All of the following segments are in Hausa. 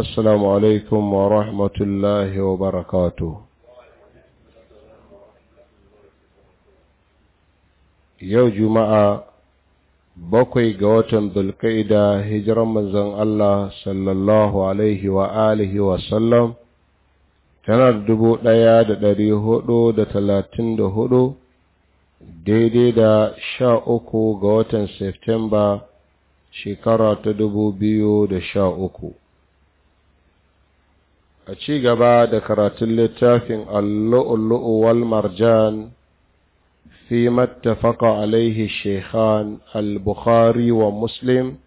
السلام عليكم ورحمة الله وبركاته يوم جمعة bakwai ga watan dulkaida hijiran manzon Allah sallallahu alaihi wa alihi wa sallam tana dubu ɗaya da ɗari hudu da talatin da hudu daidai da sha uku ga watan Septemba shekara ta dubu biyu da sha uku a ci gaba da karatun littafin allu'ullu'u wal marjan fi mattafaka alaihi shekhan al-bukhari wa muslim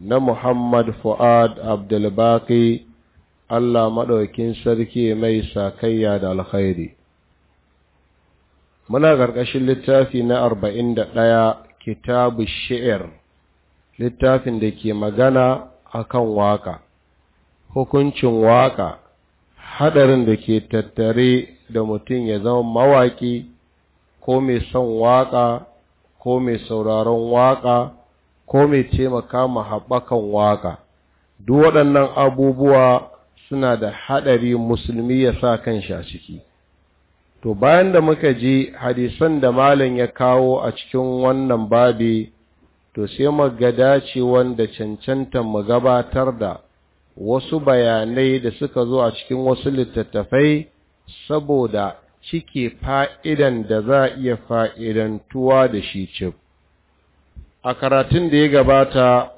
na muhammad fu'ad abdulbaki allah maɗaukin sarki mai sakayya da alkhairi muna ƙarƙashin littafi na arba'in da ɗaya kitabu shi'ir littafin da ke magana akan waƙa. waka hukuncin waƙa hadarin da ke tattare da mutum ya zama mawaƙi, ko mai son waƙa, ko mai sauraron waƙa, ko mai taimaka ma haɓakan waka duk waɗannan abubuwa suna da haɗari musulmi ya sa kan shi a ciki to bayan da muka ji hadisan da malam ya kawo a cikin wannan babi to sai mu ga dacewan da cancanta mu gabatar da wasu bayanai da suka zo a cikin wasu littattafai saboda cike fa'idan da za a iya fa'idantuwa da shi cif. A karatun da ya gabata,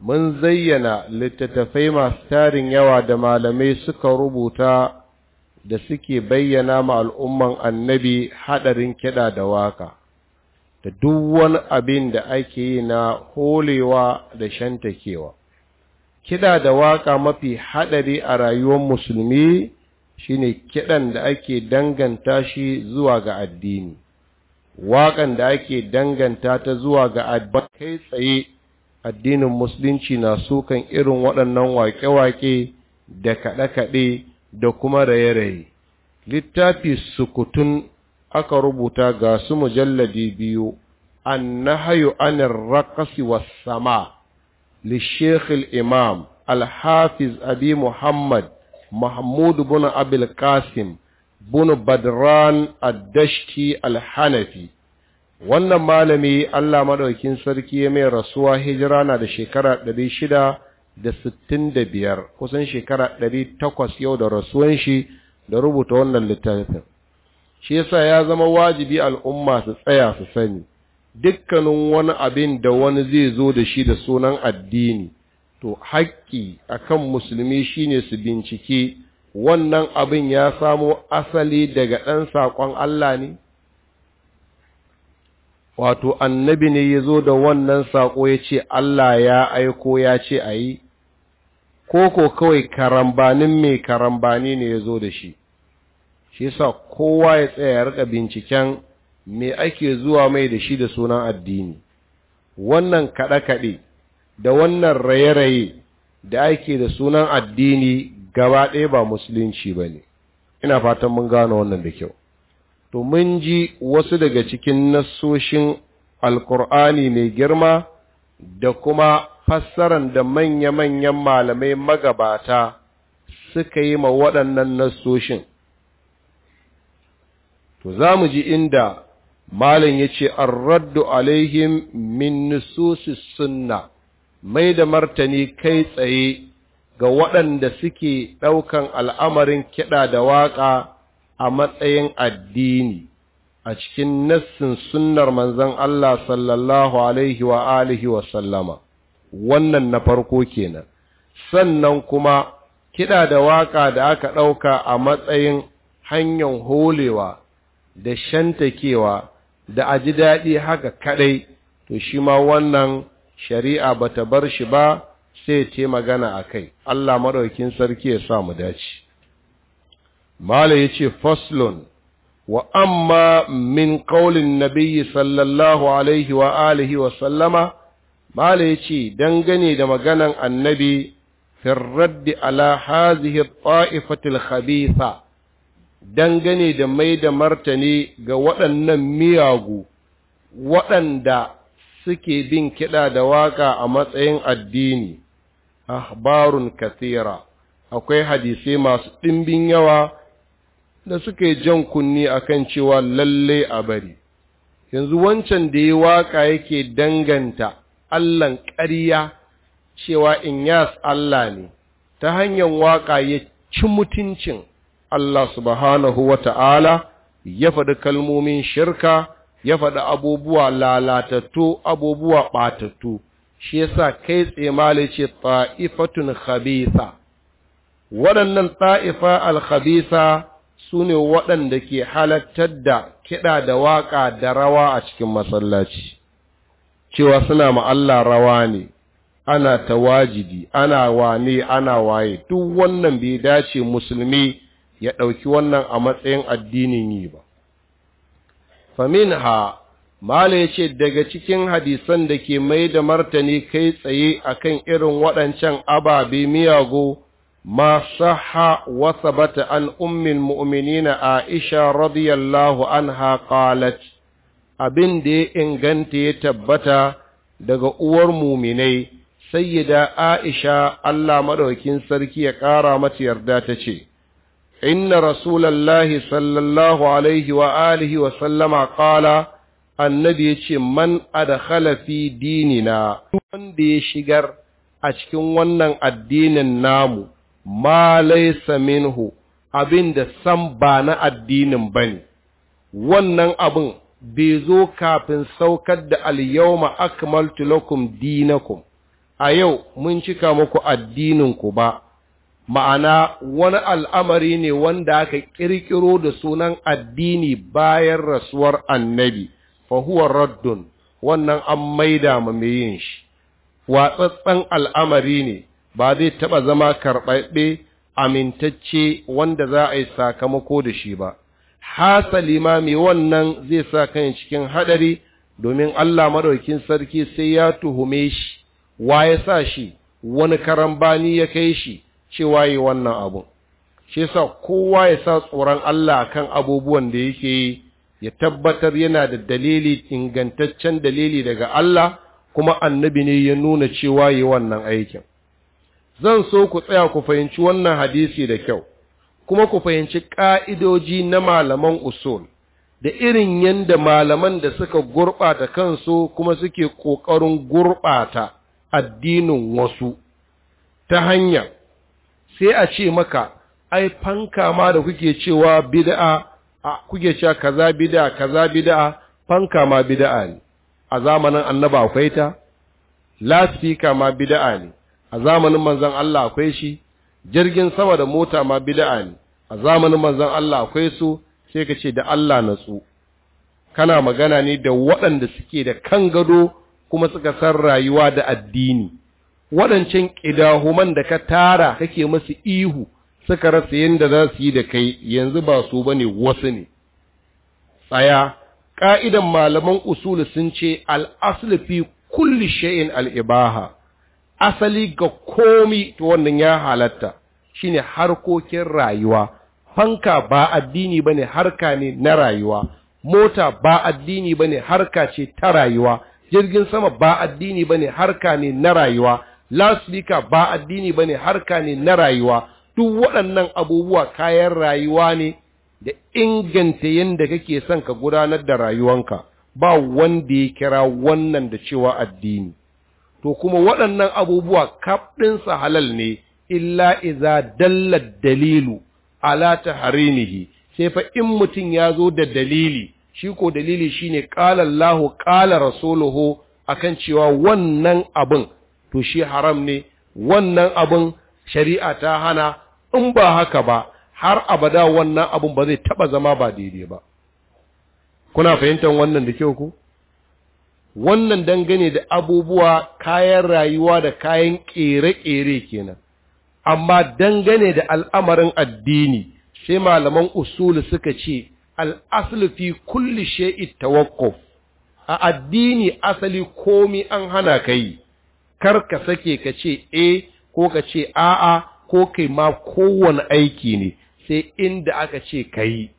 mun zayyana littattafai masu tarin yawa da malamai suka rubuta da suke bayyana ma al'umman annabi haɗarin kiɗa da waka, da duk wani abin da ake yi na holewa da shantakewa. kiɗa da waƙa mafi haɗari a rayuwar musulmi shine kiɗan da ake danganta shi zuwa ga addini waƙan da ake danganta ta zuwa ga addini kai tsaye addinin musulunci na sukan irin waɗannan waƙe-waƙe da kaɗe-kaɗe da kuma raye-raye littafi sukutun aka rubuta ga su mujalladi biyu an nahayu anin raƙasi wa sama' للشيخ Imam Alhafiz أبي Muhammad محمود بن أبي القاسم بن بدران الدشتي الحنفي wannan malami Allah maɗaukin sarki ya mai rasuwa hijira na da shekara ɗari shida da sittin da biyar kusan shekara ɗari takwas yau da rasuwan shi da rubuta wannan littafin shi yasa ya zama wajibi al'umma su tsaya su sani dukkanin wani abin da wani zai zo da shi da sunan addini to haƙƙi akan musulmi shine su bincike wannan abin ya samo asali daga ɗan saƙon Allah ne wato annabi ne ya zo da wannan saƙo ya ce Allah ya aiko ya ce a yi ko ko kawai karambanin mai karambani ne ya zo da shi shi sa kowa ya tsaya ya rika binciken me ake zuwa mai da shi da sunan addini wannan kaɗe-kaɗe da wannan raye-raye da ake da sunan addini gaba ɗaya ba musulunci ba ne ina fatan mun gano wannan da kyau to mun ji wasu daga cikin nasoshin alkur'ani mai girma da kuma fassaran da manya-manyan malamai magabata suka yi ma waɗannan nassoshin to za mu ji inda malam ya ce raddu alaihim min nususis sunna mai da martani kai tsaye ga waɗanda suke ɗaukan al'amarin kiɗa da waƙa a matsayin addini a cikin nassin sunnar manzon Allah sallallahu alaihi wa alihi wa sallama wannan na farko kenan sannan kuma kiɗa da waƙa da aka ɗauka a matsayin hanyar holewa da shantakewa da a ji daɗi haka kaɗai to shi ma wannan shari'a ba ta bar shi ba sai ce magana a kai Allah maɗaukin sarki ya sa mu dace mala ya ce faslun wa amma min ƙaulin nabiyyi sallallahu alaihi wa alihi wa sallama mala ya ce dangane da maganan annabi firraddi ala hazihi ta'ifatil khabitha dangane da mai da martani ga waɗannan miyagu waɗanda suke bin kiɗa da waƙa a matsayin addini, ahbarun kathira, akwai hadisai masu ɗimbin yawa da suke jan kunni akan cewa lalle a bari. Yanzu wancan da ya waƙa yake danganta allan ƙarya cewa in yas Allah ne, ta hanyar waƙa ya ci mutuncin Allah subhanahu wa ta'ala ya faɗi kalmomin shirka ya faɗi abubuwa lalatattu abubuwa ɓatattu shi yasa kai tsemali ce ta'ifatun khabisa waɗannan ta'ifa al-khabisa su ne waɗanda ke halattar da kiɗa da waƙa da rawa a cikin masallaci cewa suna ma rawa ne ana tawajidi ana wane ana waye duk wannan bai dace musulmi ya ɗauki wannan a matsayin addinin yi ba famin ha mala ya ce daga cikin hadisan da ke mai da martani kai tsaye a kan irin waɗancan ababe miyago ma ha' wasa bata an ummin mu'minina aisha radiyallahu anha qalat abin da ya inganta ya tabbata daga uwar muminai sayyida aisha Allah maɗaukin sarki ya ƙara mata yarda ta ce Inna رسول الله صلى الله عليه وآله وسلم قال annabi ya ce man adkhala fi dinina wanda ya shigar a cikin wannan addinin namu ma laysa minhu abinda san ba na addinin bane wannan abin bai zo kafin saukar da al-yawma akmaltu lakum dinakum a yau mun cika maku addinin ku ba ma'ana wani al'amari ne wanda aka ƙirƙiro da sunan addini bayan rasuwar annabi fahuwar raddun wannan an maida ma mai yin shi watsatsen al'amari ne ba zai taɓa zama karɓaɓɓe amintacce wanda za a yi sakamako da shi ba hasali ma mai wannan zai sa kan cikin haɗari domin Allah maɗaukin sarki sai ya tuhume shi wa ya sa shi wani karambani ya kai shi cewa yi wannan abu shi sa kowa ya sa tsoron Allah kan abubuwan da yake yi ya tabbatar yana da dalili ingantaccen dalili daga Allah kuma annabi ne ya nuna cewa yi wannan aikin zan so ku tsaya ku fahimci wannan hadisi da kyau kuma ku fahimci ƙa'idoji na malaman usul da irin yadda malaman da suka gurɓata kansu kuma suke ƙoƙarin gurɓata addinin wasu ta hanyar sai a ce maka ai fanka ma da kuke cewa bid'a kuke cewa kaza bid'a kaza bid'a fanka ma bid'a ne a zamanin annaba akwai ta lasfika ma bid'a ne a zamanin manzon Allah akwai shi jirgin sama da mota ma bid'a ne a zamanin manzon Allah akwai su sai ka ce da Allah natsu kana magana ne da waɗanda suke da kan gado kuma suka san rayuwa da addini waɗancan ƙidahuman da ka tara kake masu ihu suka rasa yadda za su yi da kai yanzu ba su ba ne wasu ne tsaya ƙa'idan malaman usul sun ce al'asli fi kulli sha'in al'ibaha asali ga komi ta wannan ya halatta shine harkokin rayuwa fanka ba addini ba ne harka ne na rayuwa mota ba addini ba ne harka ce ta rayuwa jirgin sama ba addini ba ne harka ne na rayuwa lasfika ba addini bane harka ne na rayuwa duk waɗannan abubuwa kayan rayuwa ne da inganta yadda kake son ka gudanar da rayuwanka ba wanda ya kira wannan da cewa addini to kuma waɗannan abubuwa kaɗinsa halal ne illa iza dalla dalilu ala taharimihi sai fa in mutum ya zo da dalili shi ko dalili shine qala Allahu qala rasuluhu akan cewa wannan abin to shi haram ne wannan abin shari'a ta hana in ba haka ba har abada wannan abin ba zai taba zama ba daidai ba kuna fahimtar wannan da kyau ku wannan dangane da abubuwa kayan rayuwa da kayan ƙere-ƙere kenan amma dangane da al'amarin addini sai malaman usulu suka ce al'aslu fi kulli shay'i tawakkuf a addini asali komi an hana kai yi kar ka sake ka ce e ko ka ce a'a ko kai ma kowane aiki ne sai inda aka ce ka yi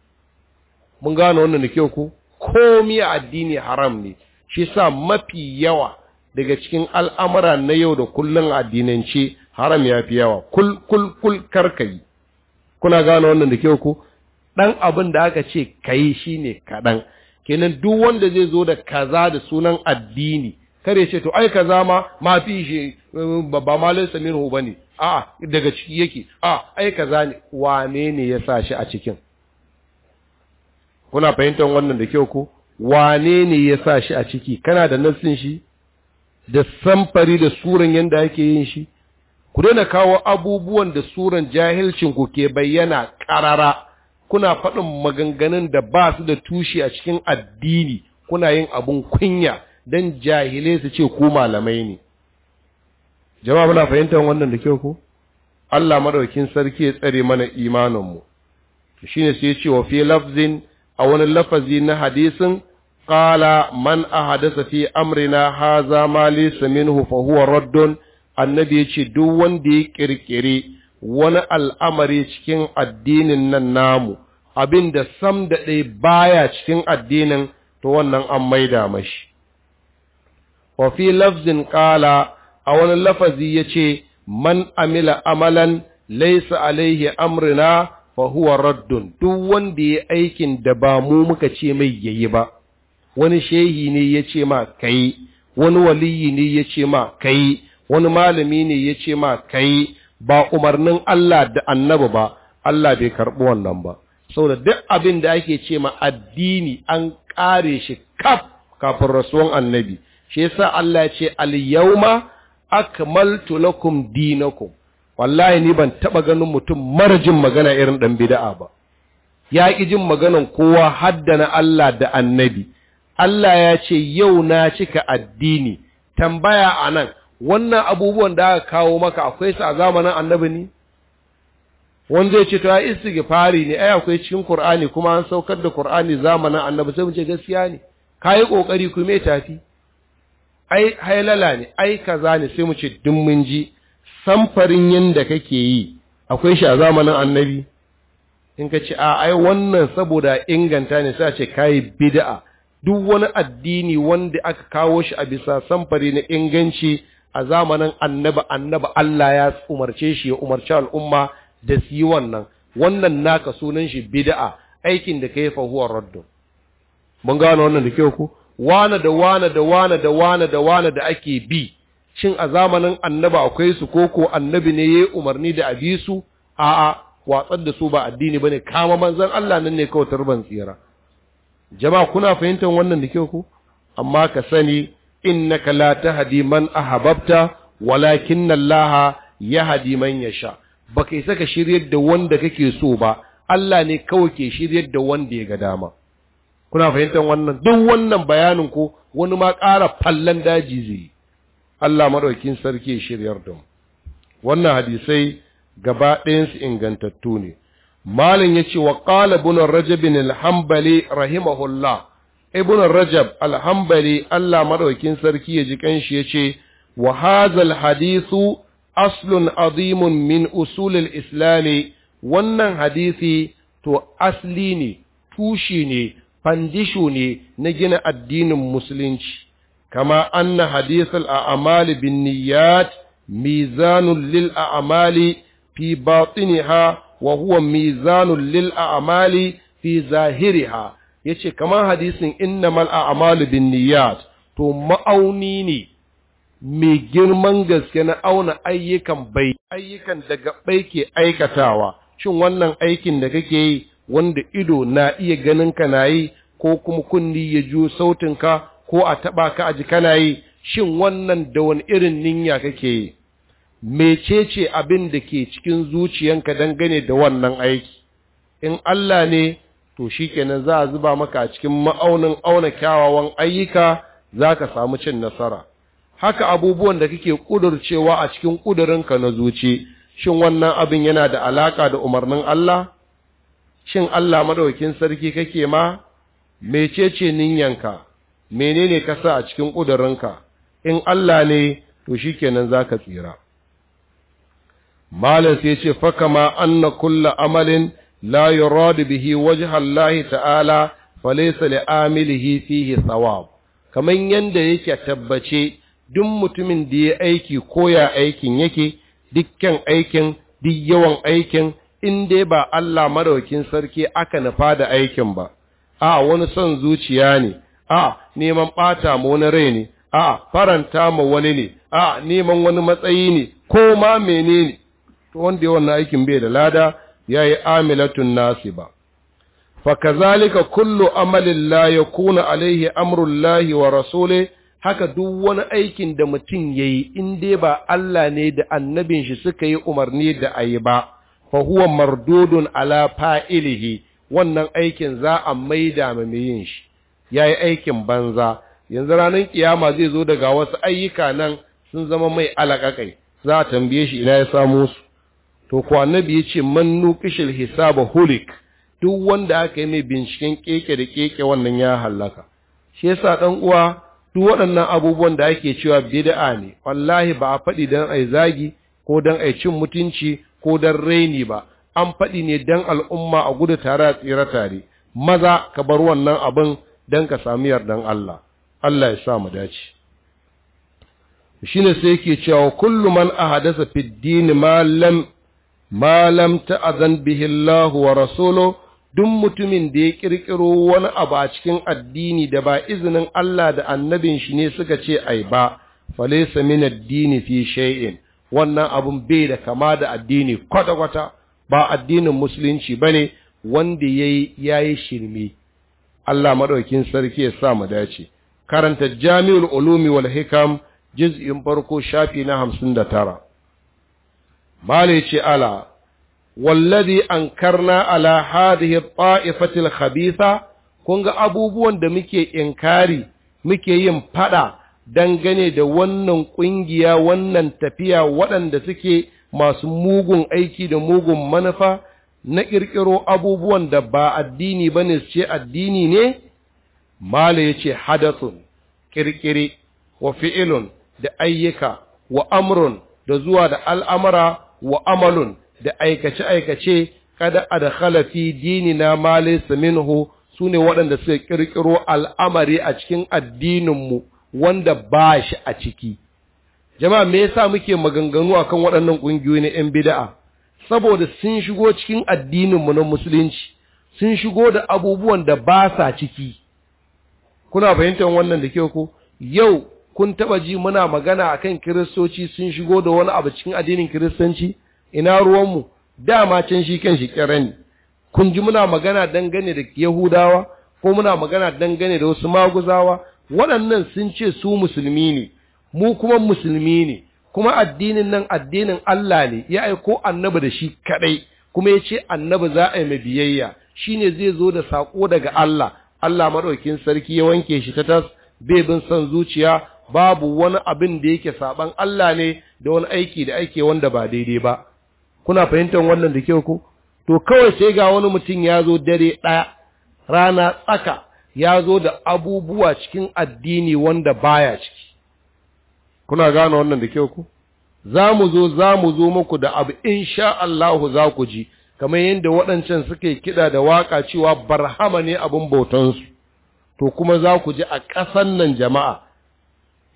mun gane wannan da kyau ko komi a addini haram ne shi sa mafi yawa daga cikin al'amura na yau da kullum addinance haram ya fi yawa kul kul kul kar ka yi kuna gano wannan da kyau ko dan abin da aka ce ka yi shi ne kaɗan kenan duk wanda zai zo da kaza da sunan addini Kar ya ce to ai kaza ma ma fi shi ba ma samir hu bane a daga ciki yake a ai kaza ne wane ne ya sa shi a cikin kuna fahimtar wannan da kyau ko wane ne ya sa shi a ciki kana da nassin shi da samfari da suran yanda yake yin shi ku daina kawo abubuwan da suran jahilcin ku ke bayyana karara kuna faɗin maganganun da ba su da tushe a cikin addini kuna yin abun kunya don jahilai su ce ku malamai ne jama'a muna fahimtar wannan da kyau ko Allah madaukin sarki ya tsare mana imaninmu shine sai ya ce wa fi lafzin a wani lafazi na hadisin qala man ahadasa fi amrina haza ma laysa minhu fa huwa raddun annabi ya ce duk wanda ya kirkire wani al'amari cikin addinin nan namu abinda sam da ɗaya baya cikin addinin to wannan an maida mashi wa fi lafzin qala a wani lafazi yace man amila amalan laisa alaihi amrina fa huwa raddun duk wanda ya aikin da ba mu muka ce mai yayi ba wani shehi ne ce ma kai wani waliyi ne ce ma kai wani malami ne ce ma kai ba umarnin Allah da annabi ba Allah bai karɓi wannan ba saboda duk abin da ake ce ma addini an ƙare shi kaf kafin rasuwan annabi shi yasa Allah ya ce al-yawma akmaltu lakum dinakum wallahi ni ban taba ganin mutum marajin magana irin dan bid'a ba ya ki jin maganan kowa haddana Allah da annabi Allah ya ce yau na cika addini tambaya anan wannan abubuwan da aka kawo maka akwai su a zamanin annabi ne wanda ya ce to ya istighfari ne ai akwai cikin Qur'ani kuma an saukar da Qur'ani zamanin annabi sai mu ce gaskiya ne kai kokari ku me tafi ai hailala ne ai kaza ne sai mu ce duk mun ji samfarin yanda kake yi akwai shi a zamanin annabi in ka ce a ai wannan saboda inganta ne sai a ce kai bid'a duk wani addini wanda aka kawo shi a bisa samfari na inganci a zamanin annabi annabi Allah ya umarce shi ya umarci al'umma da su yi wannan wannan naka sunan shi bid'a aikin da kai fa huwa raddu mun gano wannan da kyau ko wane da wane da wane da wane da wane da ake bi shin a zamanin annaba akwai su ko ko annabi ne yayi umarni da abi su a'a watsar da su ba addini bane kama manzon Allah nan ne kawai turban tsira jama'a kuna fahimtar wannan da kyau ku amma ka sani innaka la tahdi man ahbabta walakinna Allah yahdi man yasha baka isa ka shiryar da wanda kake so ba Allah ne kawai ke shiryar da wanda ya ga dama kuna fahimtar wannan duk wannan bayanin ko wani ma ƙara fallan daji zai Allah maɗaukin sarki shiryar da wannan hadisai gaba ɗayansu ingantattu ne malin ya ce wa qala ibn rajab al rahimahullah ibn rajab al Allah maɗaukin sarki ya ji kanshi ya ce wa hadha hadithu aslun azimun min usulil islami wannan hadisi to asli ne tushe ne fandisho ne na gina addinin musulunci kama anna hadisal a'mali bin niyyat mizanun lil a'mali fi batiniha wa huwa mizanun lil a'mali fi zahiriha yace kama hadisin innamal a'malu bin niyyat to ma'auni ne mai girman gaske na auna ayyukan bai ayyukan da bai ke aikatawa cin wannan aikin da kake yi wanda ido na iya ganin ka na yi ko kuma kunni ya ju sautin ka ko a taɓa ka a ji kana yi shin wannan da wani irin ninya kake yi mecece abin da ke cikin zuciyanka dangane da wannan aiki in Allah ne to shikenan za a zuba maka a cikin ma'aunin auna kyawawan ayyuka za ka samu cin nasara haka abubuwan da kake ƙudurcewa a cikin ƙudurinka na zuci shin wannan abin yana da alaƙa da umarnin Allah shin Allah maɗaukin sarki kake ma mecece ninyanka menene ka sa a cikin ƙudurinka in Allah ne to shikenan zaka tsira malam sai ce fakama anna kullu amalin la yuradu bihi wajha Allah ta'ala falaysa li amilihi fihi thawab kaman yanda yake tabbace duk mutumin da ya aiki koya aikin yake dukkan aikin duk yawan aikin in dai ba Allah madaukin sarki aka nufa da aikin ba a wani son zuciya ne a neman ɓata ma wani rai ne a faranta ma wani ne a neman wani matsayi ne ko ma menene to wanda ya wannan aikin bai da lada ya yi amilatun nasi ba fakazalika kullu amalin la ya kuna alaihi amrullahi wa rasule haka duk wani aikin da mutum ya yi in dai ba Allah ne da annabin shi suka yi umarni da a ba fa mardudun ala wannan aikin za a maida ma mai yin shi yayi aikin banza yanzu ranar kiyama zai zo daga wasu ayyuka nan sun zama mai alaƙaƙai, za a tambaye shi ina ya samu su to ko annabi ce man kishil hisaba hulik duk wanda aka yi mai binciken keke da keke wannan ya halaka shi yasa dan uwa duk waɗannan abubuwan da ake cewa bid'a ne wallahi ba a faɗi dan ai zagi ko dan ai cin mutunci ko dan raini ba an faɗi ne dan al'umma a gudu tare a tsira tare maza ka bar wannan abin dan ka sami yardan Allah Allah ya sa mu dace shine sai yake cewa kullu man ahadasa fid din ma lam ma lam ta'zan bihi Allah wa rasuluhu duk mutumin da ya kirkiro wani abu a cikin addini da ba izinin Allah da annabin shi ne suka ce ai ba falaisa min ad-din fi shay'in wannan abun bai da kama da addini kwata-kwata ba addinin musulunci ba ne wanda ya yi shirme Allah maɗaukin sarki ya sa mu dace karanta jami'ul ulumi wal hikam juz'in farko shafi na hamsin da tara Bale ce ala wallazi ankarna ala hadhihi ta'ifatil khabitha kun ga abubuwan da muke inkari muke yin fada dangane da wannan ƙungiya wannan tafiya waɗanda suke masu mugun aiki da mugun manufa na ƙirƙiro abubuwan da ba addini ba ne ce addini ne mala ya ce hadasun ƙirƙiri wa fi'ilun da ayyuka wa amrun da zuwa da al'amara wa amalun da aikace-aikace kada a da halafi dini na male minhu su ne waɗanda suke ƙirƙiro al'amari a cikin addininmu wanda ba shi a ciki jama'a me yasa muke maganganu akan waɗannan ƙungiyoyi na 'yan bida'a saboda sun shigo cikin addininmu na musulunci sun shigo da abubuwan da ba sa ciki kuna fahimtar wannan da ke ko yau kun taɓa ji muna magana a kan kiristoci sun shigo da wani abu cikin addinin kiristanci ina ruwanmu dama can shi kan shi ne kun ji muna magana dangane da yahudawa ko muna magana dangane da wasu maguzawa waɗannan sun ce su musulmi ne mu kuma musulmi ne kuma addinin nan addinin Allah ne ya aiko annabi da shi kaɗai, kuma ya ce annabi za a yi biyayya. Shi ne zai zo da sako daga Allah Allah madaukin sarki ya wanke shi ta tas bai bin son zuciya babu wani abin da yake saɓan Allah ne da wani aiki da ake wanda ba daidai ba kuna fahimtar wannan da kyau ko to kawai sai ga wani mutum ya zo dare ɗaya rana tsaka ya zo da abubuwa cikin addini wanda baya ciki kuna gane wannan da kyau ku za mu zo za mu zo muku da abu in sha Allahu za ku ji kamar yadda waɗancan suke kiɗa da waƙa cewa barhama ne abin bautansu to kuma za ku ji a ƙasan nan jama'a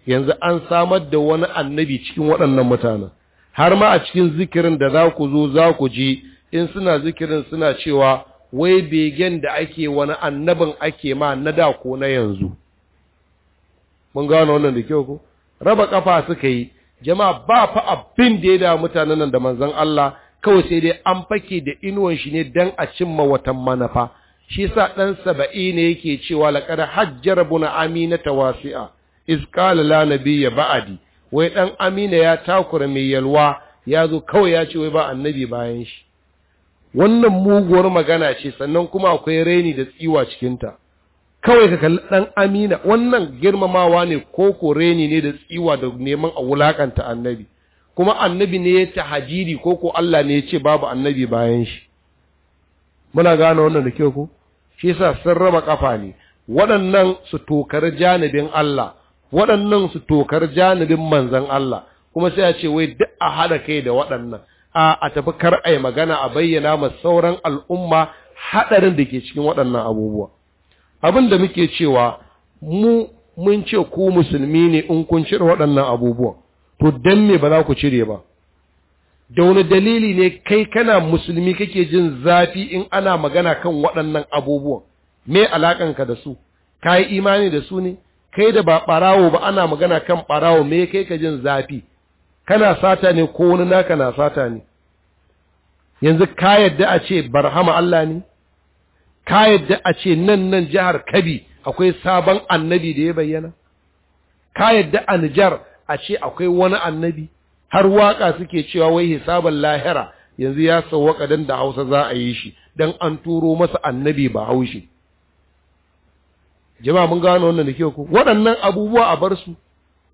yanzu an samar da wani annabi cikin waɗannan mutanen har ma a cikin zikirin da za ku zo za ku ji in suna zikirin suna cewa wai begen da ake wani annabin ake ma na da ko na yanzu mun gano wannan da kyau ko raba kafa suka yi jama'a ba fa abin da ya da mutanen nan da manzon Allah kawai sai dai an fake da inuwan shi ne dan a cimma watan manafa. shi yasa dan saba'i ne yake cewa laqad hajjar buna amina tawasi'a iz qala la nabiyya ba'di wai dan amina ya takura mai yalwa ya zo kawai ya ce wai ba annabi bayan shi wannan muguwar magana ce sannan kuma akwai raini da tsiwa cikinta kawai ka kalli ɗan amina wannan girmamawa ne ko raini ne da tsiwa da neman a wulakanta annabi kuma annabi ne ya tahajiri ko Allah ne ya ce babu annabi bayan shi muna gane wannan da kyau ko shi yasa sun raba kafa ne waɗannan su tokar janibin Allah waɗannan su tokar janibin manzon Allah kuma sai a ce wai duk a haɗa kai da waɗannan a a tafi kar a yi magana a bayyana ma sauran al'umma haɗarin da ke cikin waɗannan abubuwa abin da muke cewa mu mun ce ku musulmi ne in kun cire waɗannan abubuwan to dan me ba za ku cire ba da wani dalili ne kai kana musulmi kake jin zafi in ana magana kan waɗannan abubuwan me alakanka da su ka yi imani da su ne kai da ba ɓarawo ba ana magana kan ɓarawo me kai ka jin zafi kana sata ne ko wani naka na sata ne yanzu ka yadda a ce barhama Allah ne ka yadda a ce nan nan jihar kabi akwai sabon annabi da ya bayyana ka yadda a nijar a ce akwai wani annabi har waka suke cewa wai hisabar lahira yanzu ya sauwaka dan da hausa za a yi shi dan an turo masa annabi ba haushi jama'a mun gano wannan da kyau ku. waɗannan abubuwa a bar su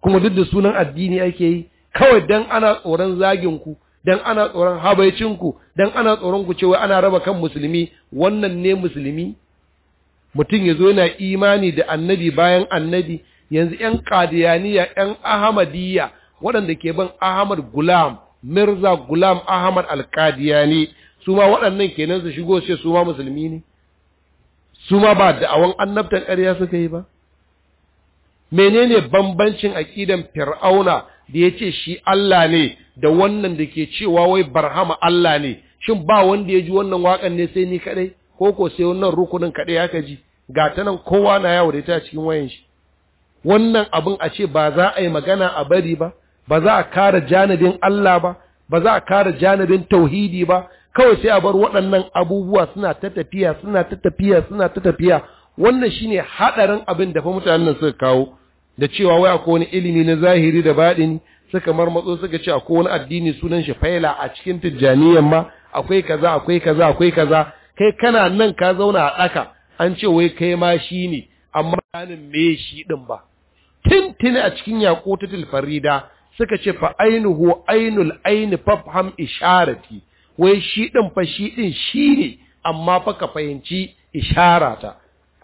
kuma duk da sunan addini ake yi kawai dan ana tsoron zagin ku dan ana tsoron habaicin ku dan ana tsoron ku cewa ana raba kan musulmi wannan ne musulmi mutum ya zo yana imani da annabi bayan annabi yanzu yan qadiyaniya yan ahmadiyya waɗanda ke ban ahmad gulam mirza gulam ahmad alkadiyani su ma waɗannan kenan su shigo sai su ma musulmi ne su ma ba awan annabtan ƙarya suka yi ba menene bambancin aƙidan fir'auna da ya ce shi Allah ne da wannan da ke cewa wai barhama Allah ne shin ba wanda ya ji wannan waƙan ne sai ni kaɗai ko ko sai wannan rukunin kaɗai aka ji ga ta nan kowa na yawo da ita cikin wayan shi wannan abin a ce ba za a yi magana a bari ba ba za a kara janibin Allah ba ba za a kara janibin tauhidi ba kawai sai a bar waɗannan abubuwa suna ta tafiya suna ta tafiya suna ta tafiya wannan shi ne haɗarin abin da fa mutanen nan suka kawo da cewa wai akwai wani ilimi na zahiri da baɗini suka marmatso suka ce akwai wani addini sunan shi faila a cikin tijjaniyan ma akwai kaza akwai kaza akwai kaza kai kana nan ka zauna a ɗaka an ce wai kai ma shi ne amma kanin me shi ɗin ba tintini a cikin yaƙutatul farida suka ce fa ainuhu ainul aini fafham isharati wai shi ɗin fa shi ɗin shi ne amma fa ka fahimci isharata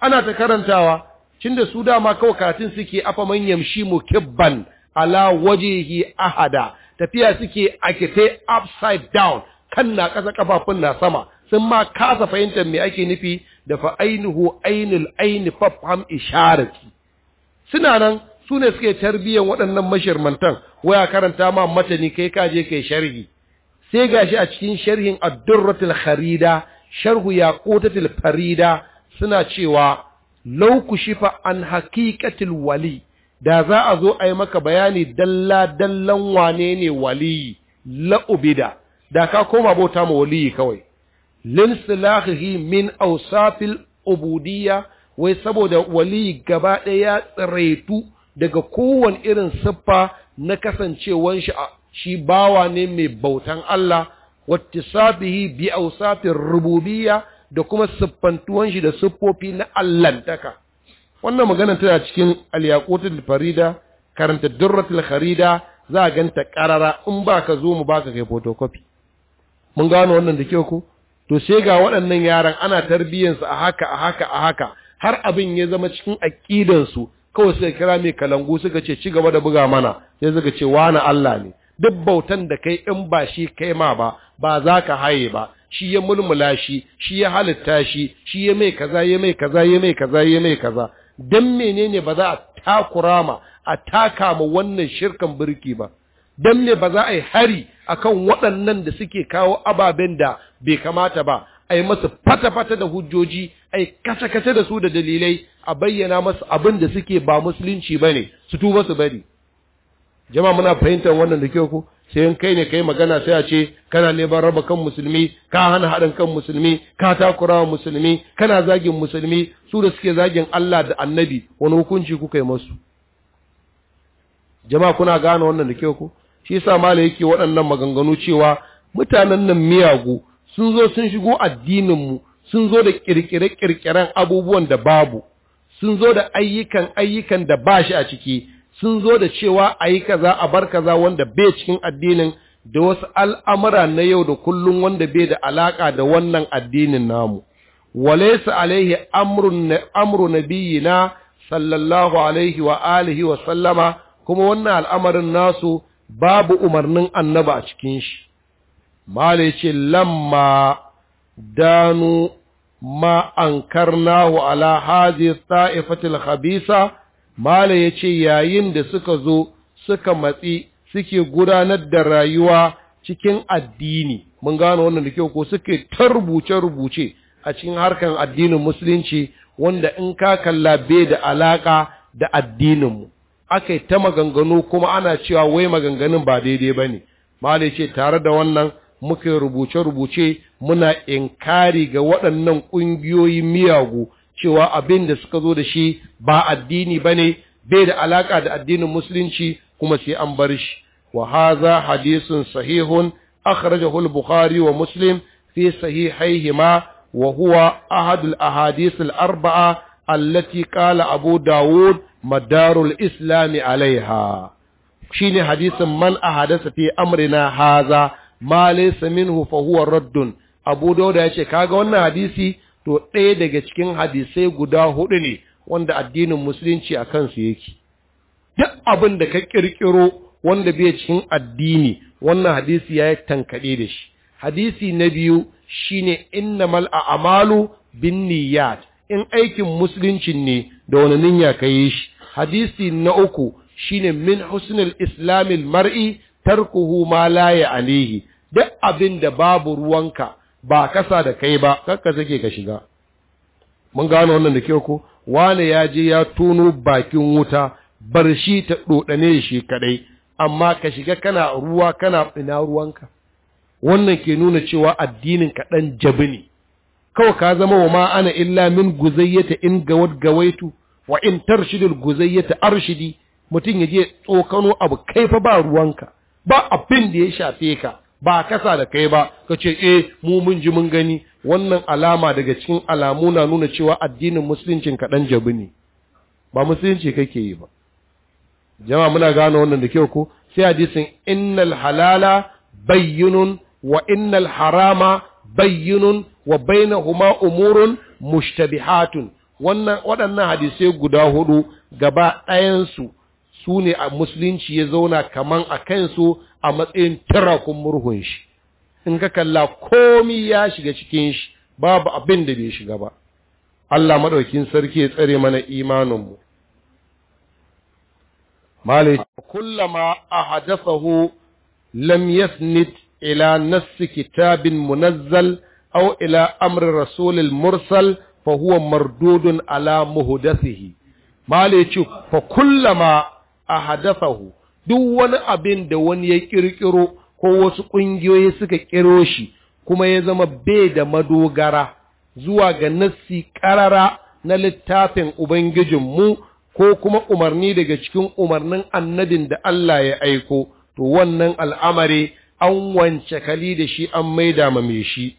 ana ta karantawa tunda su dama kawai karatun suke afa man yamshi kibban ala wajehi ahada tafiya suke akite upside down kan na ƙasa kafafun na sama sun ma kasa fahimtar me ake nufi da fa ainihu ainul aini fafham isharati suna nan su ne suke tarbiyyar waɗannan mashirmantan waya karanta ma matani kai kaje kai sharhi sai gashi a cikin sharhin ad kharida sharhu yaqutatul farida suna cewa lauku shifa an haƙiƙatil wali da za a zo a yi maka bayani dallan wane ne waliyi la'ubida da ka koma bauta ma waliyi kawai linsilahihi min ausafil ubudiya wai saboda waliyi gaba ɗaya ya tsiraitu daga kowane irin siffa na kasancewan shi shi bawa ne mai bautan Allah wattisafihi bi ausafin rububiya? da kuma siffantuwan shi da siffofi na allantaka wannan magana tana cikin al farida karanta durratul kharida za a ganta karara in ba ka zo mu ba ka kai photocopy mun gano wannan da kyau ko to sai ga waɗannan yaran ana tarbiyyansu a haka a haka a haka har abin ya zama cikin aƙidansu kawai suka kira mai kalangu suka ce ci gaba da buga mana sai suka ce wani Allah ne duk bautan da kai in ba shi kai ma ba ba za ka haye ba shi ya mulmula shi shi ya halitta shi shi ya mai kaza ya mai kaza ya mai kaza ya mai kaza dan menene ba za a takurama a taka ma wannan shirkan birki ba dan me ba za a yi hari akan waɗannan da suke kawo ababen da bai kamata ba ai masu fata-fata da hujjoji ai kace-kace da su da dalilai a bayyana masu abin da suke ba musulunci ba ne su tuba su bari jama'a muna fahimtar wannan da kyau ku sai in kai ne kai magana sai a ce kana neman raba kan musulmi ka hana haɗin kan musulmi ka takura wa musulmi kana zagin musulmi su da suke zagin Allah da annabi wani hukunci kuka yi masu jama'a kuna gane wannan da kyau ku shi yasa mala yake waɗannan maganganu cewa mutanen nan miyagu sun zo sun shigo addinin mu sun zo da kirkire-kirkiren abubuwan da babu sun zo da ayyukan ayyukan da ba shi a ciki sun zo da cewa a yi kaza a bar kaza wanda bai cikin addinin da wasu al'amura na yau da kullum wanda bai da alaƙa da wannan addinin namu walaisa alaihi amru nabiyina sallallahu alaihi wa alihi wa sallama kuma wannan al'amarin nasu babu umarnin annaba a cikin shi mala ce lamma danu ma ankarnahu ala hadhihi ta'ifatil khabisa mala ya ce yayin da suka zo suka matsi suke gudanar da rayuwa cikin addini mun gano wannan da kyau ko suke ta rubuce-rubuce a cikin harkar addinin musulunci wanda in ka kalla bai da alaka da addininmu aka yi ta maganganu kuma ana cewa wai maganganun ba daidai ba ne ya ce tare da wannan muka rubuce-rubuce muna inkari ga waɗannan ƙungiyoyi miyagu cewa abin da suka zo da shi ba addini ba ne bai da alaƙa da addinin musulunci kuma sai an bar shi wa haza hadithun sahihun akhrajahu al-bukhari wa muslim fi sahihaihima wa huwa ahad ahadith al-arba'a allati qala abu daud madarul islam alaiha shine hadisin man ahadasa fi amrina haza ma laysa minhu fa huwa raddun abu dauda yace kaga wannan hadisi to ɗaya daga cikin hadisai guda hudu ne wanda addinin musulunci a kansu yake duk abin da ka ƙirƙiro wanda bai cikin addini wannan hadisi ya yi tankaɗe da shi hadisi na biyu shine innamal a'malu bin in aikin musulunci ne da wani niyya ka yi shi hadisi na uku shine min husnul islamil mar'i tarkuhu ma la ya alihi duk abin da babu ruwanka ba kasa da kai ba kakka take ka shiga mun gano wannan da kyau ko Wani ya je ya tono bakin wuta bar shi ta dodane shi kadai amma ka shiga kana ruwa kana ina ruwanka wannan ke nuna cewa addinin ka dan jabi ne kawai ka zama wa ma ana illa min guzayyata in gawad gawaitu wa in tarshidul guzayyata arshidi mutum ya je tsokano abu kai fa ba ruwanka ba abin da ya shafe ka ba kasa da kai ba ka ce eh mu mun ji mun gani wannan alama daga cikin alamu na nuna cewa addinin musuluncin kaɗan jabi ne ba musulunci kake yi ba jama'a muna gane wannan da kyau ko sai hadisin innal halala bayyinun wa innal harama bayyinun wa bainahuma umurun mushtabihatun wannan waɗannan hadisai guda hudu gaba ɗayansu su ne a musulunci ya zauna kaman a kansu a matsayin tirakun murhun shi in ka kalla komi ya shiga cikin shi babu abin da bai shiga ba Allah madaukin sarki ya tsare mana imaninmu malai a ahadathahu lam yasnid ila nassi kitabin munazzal au ila amri rasulil mursal fa huwa mardudun ala muhdathihi malai ce fa kullama ahadathahu duk wani abin da wani ya ƙirƙiro ko wasu ƙungiyoyi suka ƙiro shi kuma ya zama bai da madogara zuwa ga nassi ƙarara na littafin Ubangijinmu ko kuma umarni daga cikin umarnin annabin da Allah ya aiko, to wannan al'amari an wance kali da shi an maida mai shi,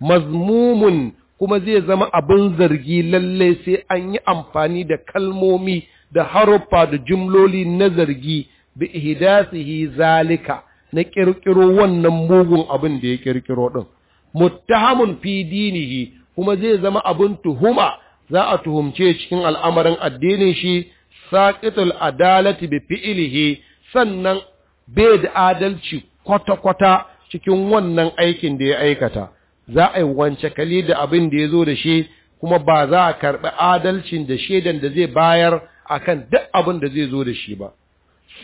mazmumun kuma zai zama abin zargi lallai sai an yi amfani da kalmomi da haruffa da jumloli na zargi bi ihdasihi zalika na kirkiro wannan mugun abin da ya kirkiro din muttahamun fi dinihi kuma zai zama abin tuhuma za a tuhumce cikin al'amarin addinin shi saqitul adalati bi fi'lihi sannan bai da adalci kwata-kwata cikin wannan aikin da ya aikata za a wance kali da abin da ya zo da shi kuma ba za a karɓi adalcin da shaidan da zai bayar akan duk abin da zai zo da shi ba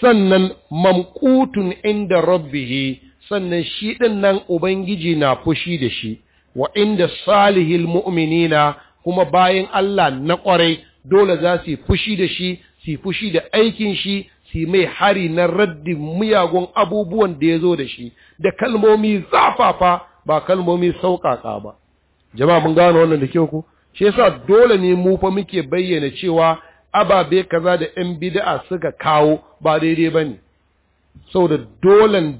sannan mamkutun inda rabbihi sannan shi ɗin nan ubangiji na fushi da shi wa inda salihil mu'minina kuma bayan Allah na kwarai dole za su fushi da shi su fushi da aikin shi su mai hari na raddin miyagun abubuwan da ya zo da shi da kalmomi zafafa ba kalmomi sauƙaƙa ba jama'a mun gano wannan da kyau ku shi yasa dole ne mu fa muke bayyana cewa ababe kaza da ‘yan bida'a suka kawo ba daidai ba ne, saboda da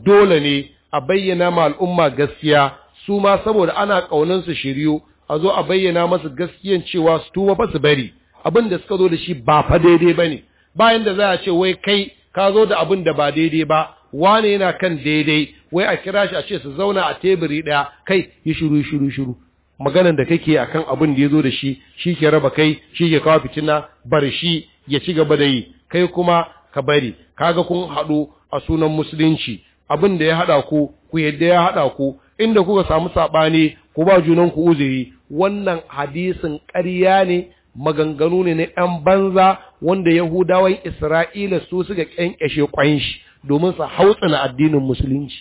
dole ne a bayyana ma al'umma gaskiya su ma saboda ana ƙaunansu shiryu a zo a bayyana masu gaskiyan cewa su tuba fa su bari abin da suka zo da shi ba fa daidai ba ne bayan da za a ce wai kai ka zo da abin da ba daidai ba wane yana kan daidai wai a kira shi a ce su zauna a teburi ɗaya kai yi shiru shiru shiru maganan da kake akan abin da ya zo da shi shi ke raba kai shi ke kawo fitina bar shi ya ci gaba da yi kai kuma ka bari kaga kun haɗu a sunan musulunci abin da ya haɗa ku ku yadda ya haɗa ku inda kuka samu saɓani ku ba junan ku uzuri wannan hadisin ƙarya ne maganganu ne na ‘yan banza wanda Yahudawan Isra'ila su suka ƙyanƙyashe shi, domin su hautsana addinin musulunci.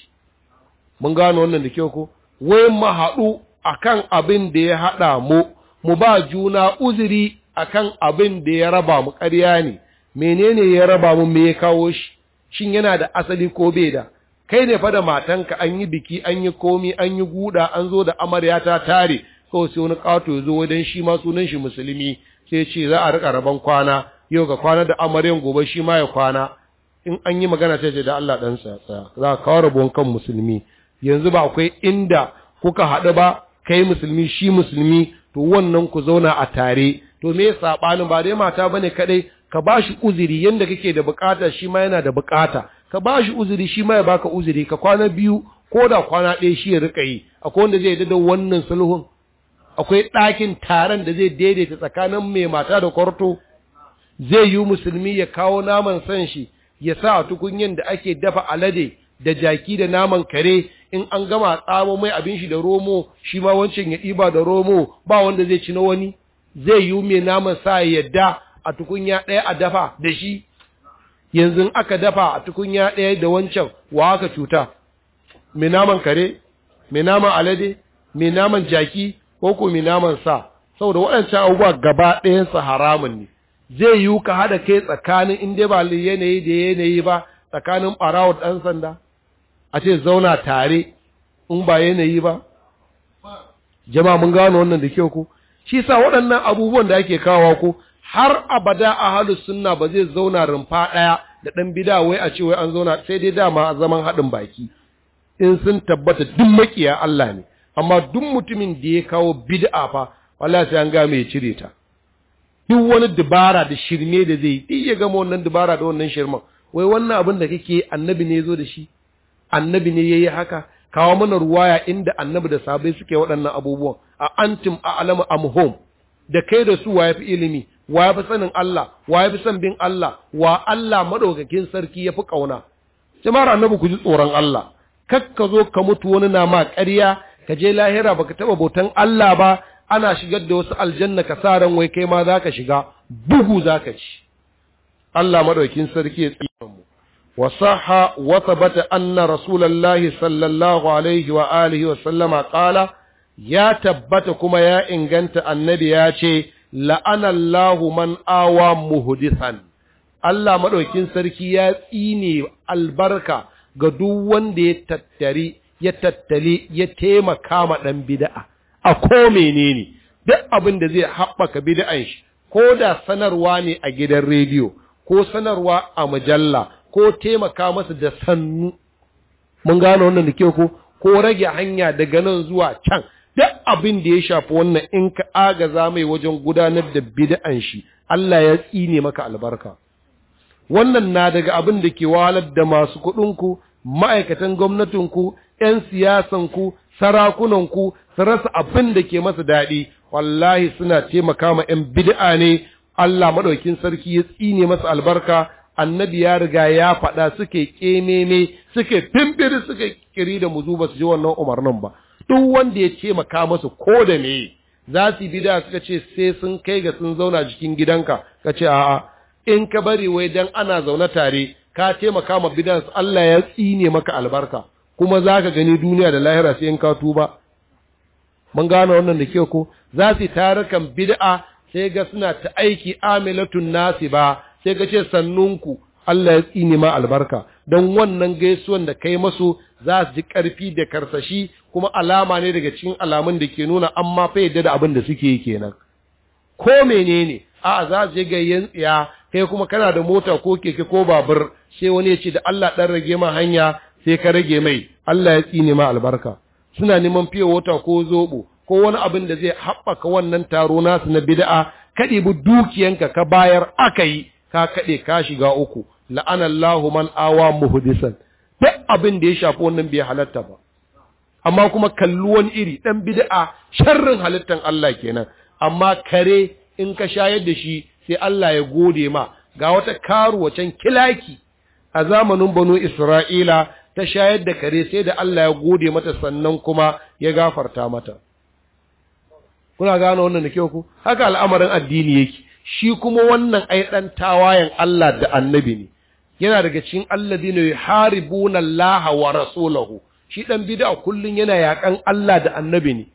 Mun gano wannan da kyau ko? Wai mahadu akan abin da ya haɗa mu mu ba juna uzuri akan abin da ya raba mu ƙarya ne menene ya raba mu me ya kawo shi shin yana da asali ko bai da kai ne fa da matanka an yi biki an yi komi an yi guda an zo da amarya ta tare kawai sai wani ƙato ya zo wajen shi ma sunan shi musulmi sai ce za a rika rabon kwana yau ga kwana da amaryan gobe shi ma ya kwana in an yi magana sai ce da Allah dan sa za ka kawo rabon kan musulmi yanzu ba akwai inda kuka haɗu ba kai musulmi shi musulmi to wannan ku zauna a tare to me sabanin ba dai mata bane kadai ka bashi uzuri yanda kake da bukata shi ma yana da bukata ka bashi uzuri shi ma ya baka uzuri ka kwana biyu ko da kwana ɗaya shi ya rika yi akwai wanda zai da wannan sulhun akwai ɗakin taron da zai daidaita tsakanin mai mata da kwarto zai yi musulmi ya kawo naman san shi ya sa tukunyar da ake dafa alade da jaki da naman kare in an gama tsamo mai abin shi da romo shi ma wancan ya ɗiba da romo ba wanda zai ci na wani zai yi mai naman sa ya yadda a tukunya ɗaya a dafa da shi yanzu aka dafa a tukunya ɗaya da wancan wa aka cuta mai naman kare mai naman alade mai naman jaki ko ko mai naman sa saboda waɗancan abubuwa gaba ɗayansa haramun ne zai yiwu ka haɗa kai tsakanin inda ba yanayi da yanayi ba tsakanin ɓarawar ɗan sanda a ce zauna tare in ba yanayi ba jama'a mun gano wannan da kyau ko shi sa waɗannan abubuwan da ake kawo ko har abada a halus sunna ba zai zauna rumfa ɗaya da ɗan bida wai a ce wai an zauna sai dai dama a zaman haɗin baki in sun tabbata duk makiya Allah ne amma duk mutumin da ya kawo bid'a fa wallahi sai an ga mai cire ta duk wani dubara da shirme da zai yi ya gama wannan dubara da wannan shirman wai wannan abin da kake annabi ne zo da shi annabi ne ya yi haka kawo mana ruwaya inda annabi da sabai suke waɗannan abubuwan a antum a alama am home da kai da su wa fi ilimi wa fi sanin Allah wa fi son bin Allah wa Allah madaukakin sarki ya fi ƙauna jama'ar annabi ku ji tsoron Allah kar ka zo ka mutu wani na ma ƙarya ka je lahira baka taba bautan Allah ba ana shigar da wasu aljanna ka sa ran wai kai ma za ka shiga bugu za ka ci Allah madaukakin sarki ya tsira mu وصح وثبت أن رسول الله صلى الله عليه وآله وسلم قال ya tabbata kuma ya inganta annabi ya ce la'anallahu man awa muhdisan Allah maɗaukin sarki ya tsine albarka ga duk wanda ya tattari ya tattali ya taimaka ma ɗan bid'a a ko menene duk abin da zai haɓaka bid'an shi ko da sanarwa ne a gidan rediyo ko sanarwa a mujalla ko taimaka masa da sannu mun gano wannan da ke ko ko rage hanya daga nan zuwa can duk abin da ya shafi wannan in ka agaza mai wajen gudanar da bid'an shi Allah ya tsine maka albarka wannan na daga abin da ke walar da masu ku ma'aikatan gwamnatin gwamnatinku 'yan siyasanku sarakunanku su rasa abin da ke masa daɗi wallahi suna taimaka ma 'yan bid'a ne Allah maɗaukin sarki ya tsine masa albarka annabi ya riga ya faɗa suke ƙememe suke fimfiri suke kiri da muzu ba su ji wannan umarnin ba duk wanda ya ce maka masu ko da me za su bi da suka ce sai sun kai ga sun zauna cikin gidanka ka ce a'a in ka bari wai dan ana zaune tare ka taimaka ma bidan Allah ya tsine maka albarka kuma za ka gani duniya da lahira sai in ka tuba mun gane wannan da ke ko za su tarukan bid'a sai ga suna ta aiki amilatun nasi ba sai ka ce sannunku Allah ya tsine ma albarka don wannan gaisuwan da kai masu za su ji ƙarfi da karsashi kuma alama ne daga cikin alamun da ke nuna an ma da abin da suke yi kenan ko menene a za su je gayyan tsiya kai kuma kana da mota ko keke ko babur sai wani ya ce da Allah dan rage ma hanya sai ka rage mai Allah ya tsine ma albarka suna neman fiye wata ko zobo ko wani abin da zai haɓaka wannan taro nasu na bid'a ka ɗibi dukiyanka ka bayar aka yi ka kaɗe ka shiga uku la'anallahu man awa muhdisan duk abin da ya shafi wannan bai halatta ba amma kuma kalli wani iri ɗan bid'a sharrin halittan Allah kenan amma kare in ka shayar da shi sai Allah ya gode ma ga wata karuwa can kilaki a zamanin banu Isra'ila ta shayar da kare sai da Allah ya gode mata sannan kuma ya gafarta mata. Kuna gane wannan da kyau ku? Haka al'amarin addini yake, shi kuma wannan ai dan tawayen Allah da annabi ne yana daga cikin alladina yuharibuna Allah wa rasulahu shi dan bid'a kullun yana yakan Allah da annabi ne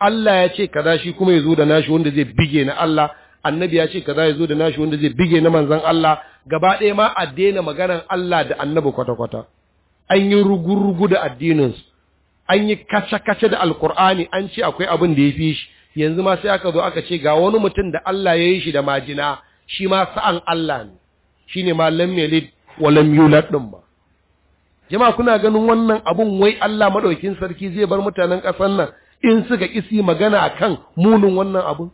Allah ya ce kaza shi kuma yazo da nashi wanda zai bige na Allah annabi ya ce kaza yazo da nashi wanda zai bige na manzon Allah gaba ɗaya ma a daina maganar Allah da annabi kwata-kwata an yi rugurugu da addininsu an yi kace-kace da alkur'ani an ce akwai abin da ya fi shi yanzu ma sai aka zo aka ce ga wani mutum da Allah ya yi shi da majina shi ma sa'an Allah ne shi ne ma lam yalid wa ba jama kuna ganin wannan abun wai Allah maɗaukin sarki zai bar mutanen ƙasar nan in suka isi magana akan munin wannan abun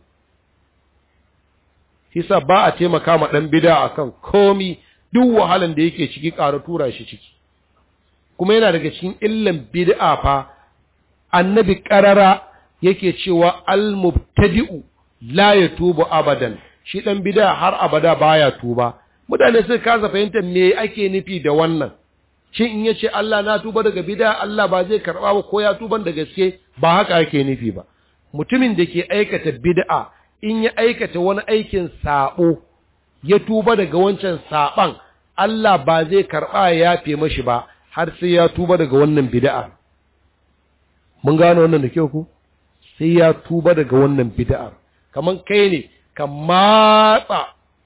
Hisa ba a taimaka ma ɗan bid'a akan komi duk wahalan da yake ciki ƙara tura shi ciki kuma yana daga cikin illan bid'a fa annabi ƙarara yake cewa al-mubtadi'u la yatubu abadan shi dan bid'a har abada baya tuba mutane sai kasa fahimtar me ake nufi da wannan shin in yace Allah na tuba daga bid'a Allah ba zai karba ba ko ya tuban da gaske ba haka ake nufi ba mutumin da ke aikata bid'a in ya aikata wani aikin sabo ya tuba daga wancan saban Allah ba zai karba ya yafe mashi ba har sai ya tuba daga wannan bid'a mun gano wannan da kyau ku sai ya tuba daga wannan bid'ar kaman kai ne ka matsa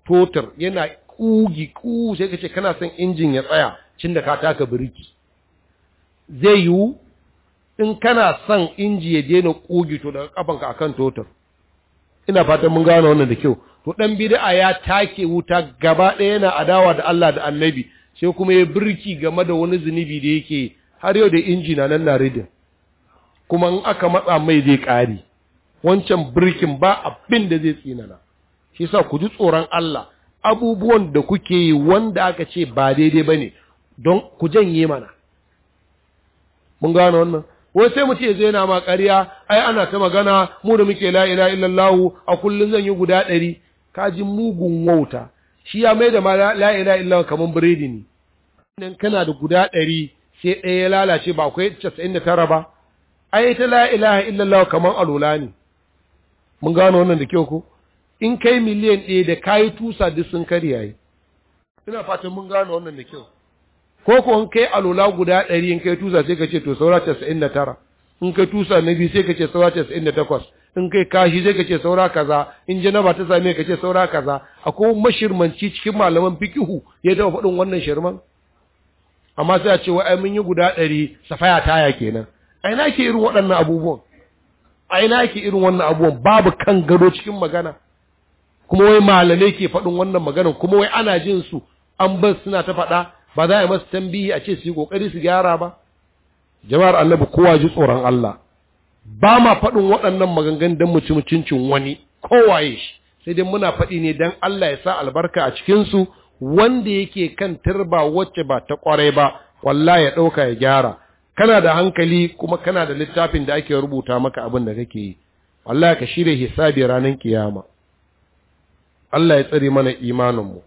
totar yana kugi ku sai kace kana son injin ya tsaya cin da ka taka birki zai yiwu in kana son inji ya daina kugi to daga kafanka akan totar ina fatan mun gane wannan da kyau to dan bid'a ya take wuta gaba ɗaya yana adawa da Allah da Annabi sai kuma ya birki game da wani zunubi da yake har yau da inji na nan na ridin kuma in aka matsa mai zai ƙari wancan birkin ba abin da zai tsinana shi sa ku ji tsoron Allah abubuwan da kuke yi wanda aka ce ba daidai ba ne don ku janye mana mun gano wannan wai sai mutum ya zai na ma ƙarya ai ana ta magana mu da muke la ila illallahu a kullum zan yi guda ɗari ka ji mugun wauta shi ya mai da la ila illallahu kamar biredi ne kana da guda ɗari sai ɗaya ya lalace ba akwai casa'in da tara ba ai ta la ilaha illallah kaman alula ne mun gano wannan da kyau ko in kai miliyan ɗaya da kayi tusa duk sun karya yi ina fatan mun gano wannan da kyau ko ko in kai alula guda ɗari in kai tusa sai ka ce to saura casa'in da tara in kai tusa na biyu sai ka ce saura casa'in da takwas in kai kashi sai ka ce saura kaza in janaba ta same ka ce saura kaza akwai mashirmanci cikin malaman fikihu ya taɓa faɗin wannan shirman amma sai a ce wa'ai mun yi guda ɗari safaya taya kenan a ke irin waɗannan abubuwan a ke irin wannan abubuwan babu kan gado cikin magana kuma wai malamai ke faɗin wannan maganan kuma wai ana jin su an bar suna ta faɗa ba za a yi masu tambihi a ce su yi ƙoƙari su gyara ba jama'ar annabi kowa ji tsoron Allah ba ma faɗin waɗannan maganganun don mutum wani kowaye shi sai dai muna faɗi ne don Allah ya sa albarka a cikinsu wanda yake kan turba wacce ba ta ƙwarai ba wallahi ya ɗauka ya gyara kana da hankali kuma kana da littafin da ake rubuta maka abin da kake yi Allah ka shirya hisabi ranar kiyama Allah ya tsare mana imaninmu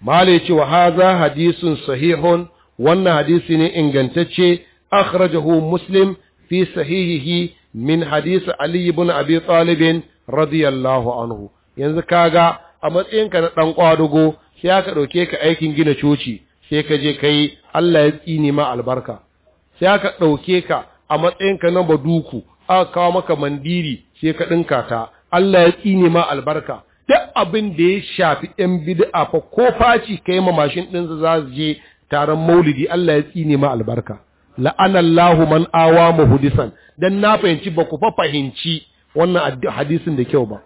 malai ce wa haza hadisun sahihun wannan hadisi ne ingantacce akhrajahu muslim fi sahihihi min hadisi ali ibn abi talib radiyallahu anhu yanzu kaga a matsayinka na dan kwadugo sai ka dauke ka aikin gina coci sai ka je kai Allah ya tsini ma albarka sai aka ɗauke ka a matsayinka na baduku aka kawo maka mandiri sai ka ɗinka ta Allah ya tsine ma albarka duk abin da ya shafi ɗan bid'a fa ko faci kai ma mashin ɗin za su je taron maulidi Allah ya tsine ma albarka la'anallahu man awa muhdisan dan na fahimci ba ku fa fahimci wannan hadisin da kyau ba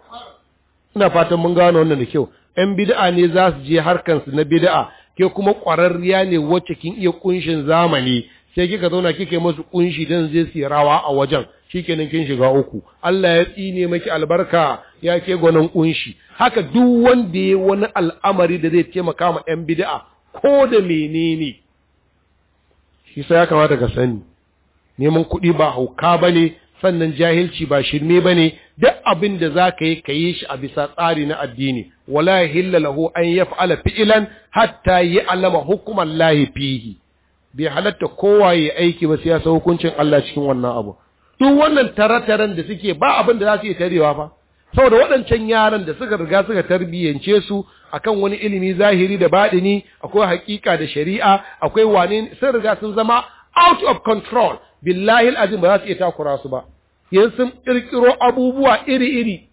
ina fatan mun gano wannan da kyau ɗan bid'a ne za su je harkansu na bid'a ke kuma ƙwararriya ne wacce kin iya kunshin zamani sai kika zauna kike masu kunshi dan zai su rawa a wajen shikenan kin shiga uku Allah ya tsine maki albarka ya ke gwanin kunshi haka duk wanda ya wani al'amari da zai taimaka ma yan bid'a ko da menene shi sai ya kamata ka sani neman kuɗi ba hauka bane sannan jahilci ba shirme bane duk abin da za ka yi ka yi shi a bisa tsari na addini wala hilla lahu an yaf'ala fi'lan hatta ya'lama hukuman lahi fihi bai halatta kowa ya aiki ba sai ya sa hukuncin Allah cikin wannan abu duk wannan tare-taren da suke ba abin da za su iya tarewa fa saboda waɗancan yaran da suka riga suka tarbiyyance su akan wani ilimi zahiri da baɗini akwai hakika da shari'a akwai wane sun riga sun zama out of control billahi al'azim ba za su iya takura su ba yanzu sun kirkiro abubuwa iri-iri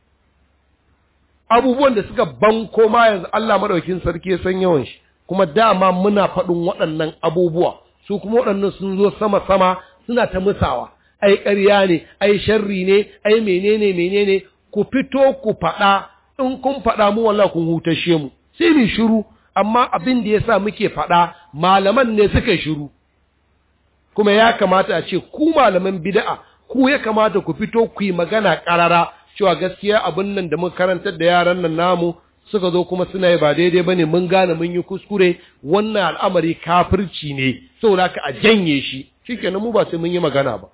abubuwan da suka banko ma yanzu Allah madaukin sarki ya san yawan shi kuma dama muna faɗin waɗannan abubuwa su kuma waɗannan sun zo sama sama suna ta musawa ai ƙarya ne ai sharri ne ai menene menene ku fito ku faɗa in kun faɗa mu wallahi kun hutashe mu sai mu shiru amma abin da yasa muke faɗa malaman ne suka shiru kuma ya kamata a ce ku malaman bid'a ku ya kamata ku fito ku yi magana ƙarara cewa gaskiya abin nan da muka karantar da yaran nan namu suka zo kuma suna yi ba daidai ba ne mun gane mun yi kuskure wannan al'amari kafirci ne saboda ka a janye shi shikenan mu ba sai mun yi magana ba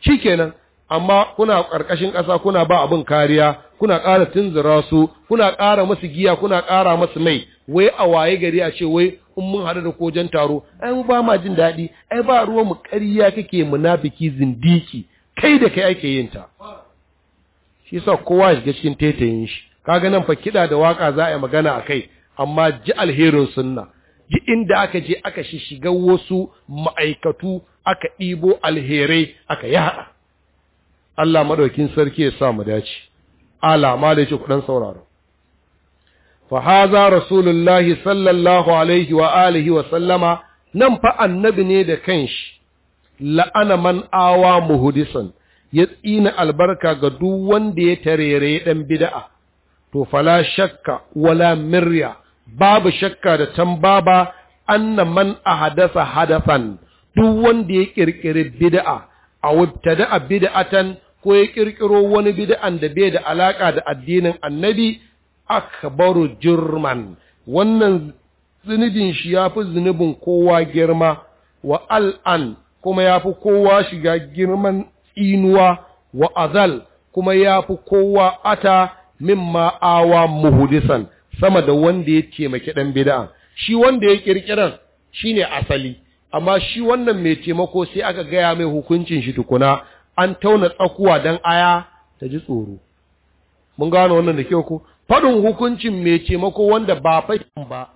shikenan amma kuna ƙarƙashin ƙasa kuna ba abin kariya kuna ƙara tunzura su kuna ƙara masu giya kuna ƙara masu mai wai a waye gari a ce wai in mun haɗu da kojan taro ai ba ma jin daɗi ai ba ruwan mu ƙarya kake munafiki zindiki kai da kai ake yin ta shi yasa kowa ya shiga cikin tetayin shi kaga nan fa kiɗa da waka za a yi magana a kai amma ji alherin sunna ji inda aka je aka shiga wasu ma'aikatu aka ɗibo alherai aka haɗa, Allah madaukin sarki ya sa mu dace alama da yake kuɗan sauraro fa haza rasulullahi sallallahu alaihi wa alihi wa sallama nan fa annabi ne da kanshi la'ana man awa muhdisan ya tsina albarka ga duk wanda ya tarere dan bid'a to fala shakka wala mirya babu shakka da tambaba anna man ahadasa hadasan duk wanda ya kirkiri bid'a a a bid'atan ko ya kirkiro wani bid'an da bai da alaka da addinin annabi akbaru jurman wannan zunubin shi yafi zunubin kowa girma wa al'an kuma yafi kowa shiga girman inuwa wa azal kuma yafi kowa ata mimma awa muhudisan sama da wanda ya taimaki ɗan bida'a shi wanda ya shi ne asali amma shi wannan mai taimako sai aka gaya mai hukuncin shi tukuna an tauna tsakuwa don aya ta ji tsoro mun gano wannan da kyau ko faɗin hukuncin mai taimako wanda ba fashin ba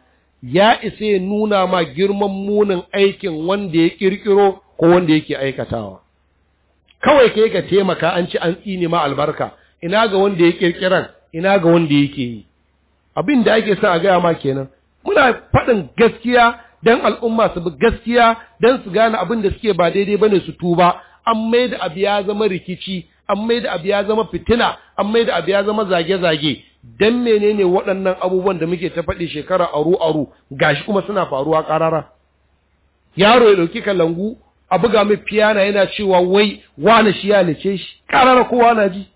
ya isa ya nuna ma girman munin aikin wanda ya ƙirƙiro ko wanda yake aikatawa kawai kai ka taimaka an ci an tsini ma albarka ina ga wanda ya kirkiran ina ga wanda yake yi abin da ake sa a gaya ma kenan muna faɗin gaskiya don al'umma su bi gaskiya don su gane abin da suke ba daidai bane su tuba an mai da abu ya zama rikici an mai da abu ya zama fitina an mai da abu ya zama zage-zage don menene waɗannan abubuwan da muke ta faɗi shekara aru-aru gashi kuma suna faruwa ƙarara yaro ya ɗauki kalangu a buga mai fiyana yana cewa wai wani shi ya lice shi ƙarara kowa na ji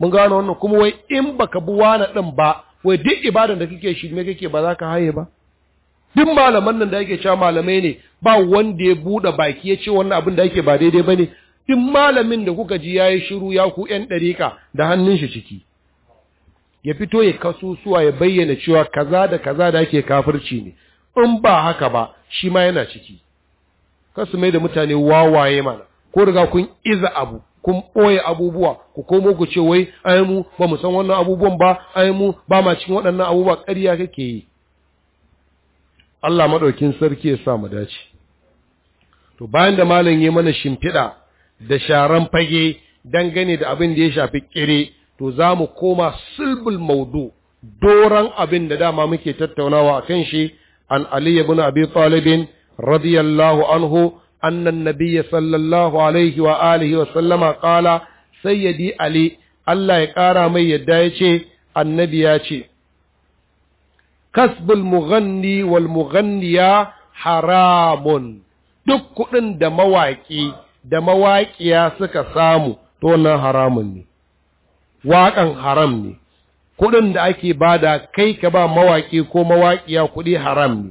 mun gano wannan kuma wai in baka bi wani din ba wai duk ibadan da kake shi me kake ba za ka haye ba duk malaman nan da yake cewa malamai ne ba wanda ya bude baki ya ce wannan abin da yake ba daidai ba ne. duk malamin da kuka ji ya yi shiru ya ku yan dariƙa da hannun shi ciki ya fito ya suwa ya bayyana cewa kaza da kaza da ake kafirci ne in ba haka ba shi ma yana ciki kasu mai da mutane wawaye mana ko riga kun iza abu kun ɓoye abubuwa ku komo ku ce wai ai mu ba mu san wannan abubuwan ba ai mu ba ma cikin waɗannan abubuwa ƙarya kake yi Allah maɗaukin sarki ya sa mu dace to bayan da malam ya mana shimfiɗa da sharan fage dangane da abin da ya shafi ƙire to za mu koma silbul maudu doran abin da dama muke tattaunawa a kan shi an Ali bin Abi talibin radiyallahu anhu أن النبي صلى الله عليه وآله وسلم قال سيدي علي الله يقارى من يدايشي النبي ياشي كسب المغني والمغنية حرام duk kuɗin da mawaƙi da mawaƙiya suka samu to wannan haramun ne waƙan haram ne kuɗin da ake bada kai ka ba mawaƙi ko mawaƙiya kuɗi haram ne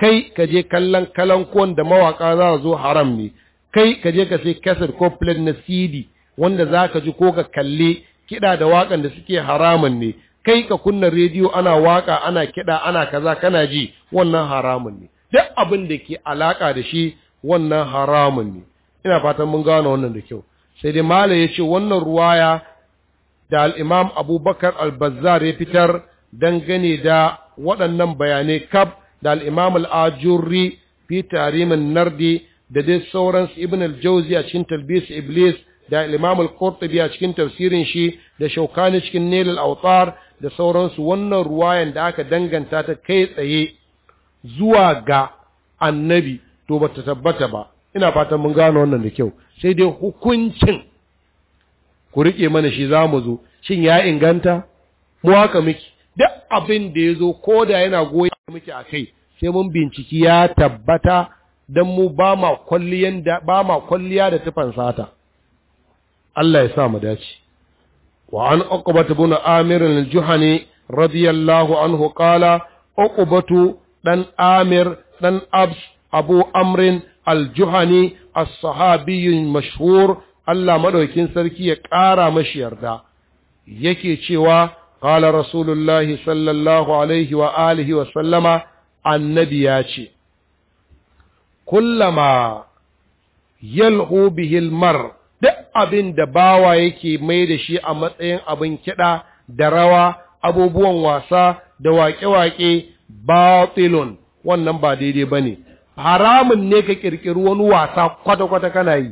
kai ka je kallon kalankon da mawaka za a zo haram ne kai ka je ka sai kasar ko plate na cd wanda za ka ji ko ka kalle kiɗa da waƙan da suke haramun ne kai ka kunna rediyo ana waƙa ana kiɗa ana kaza kana ji wannan haramun ne duk abin da ke alaƙa da shi wannan haramun ne ina fatan mun gane wannan da kyau sai dai mala ya ce wannan ruwaya da al'imam abubakar albazar ya fitar dangane da waɗannan bayanai kaf da al-imam al-ajurri fi nardi da dai sauransu ibn al-jawzi a cikin talbis iblis da al-imam al-qurtubi a cikin tafsirin shi da shaukani cikin nail al-awtar da sauransu wannan ruwayan da aka danganta ta kai tsaye zuwa ga annabi to ba ta tabbata ba ina fatan mun gano wannan da kyau sai dai hukuncin ku rike mana shi za mu zo shin ya inganta mu haka miki duk abin da ya zo ko da yana goya. muke a kai sai mun binciki ya tabbata don mu ba ma kwalliya da tufan sata Allah ya sa mu dace wa an uqbatu bin amir al-juhani radiyallahu anhu qala uqbatu dan amir dan abs abu amrin al-juhani as-sahabi mashhur Allah madaukin sarki ya ƙara mashi yarda yake cewa قال رسول الله صلى الله عليه وآله وسلم النبي ياتي كلما يلهو به المر duk abin da bawa yake mai da shi a matsayin abin kiɗa da rawa abubuwan wasa da waƙe-waƙe batilun wannan ba daidai ba ne haramun ne ka ƙirƙiri wani wasa kwata-kwata kana yi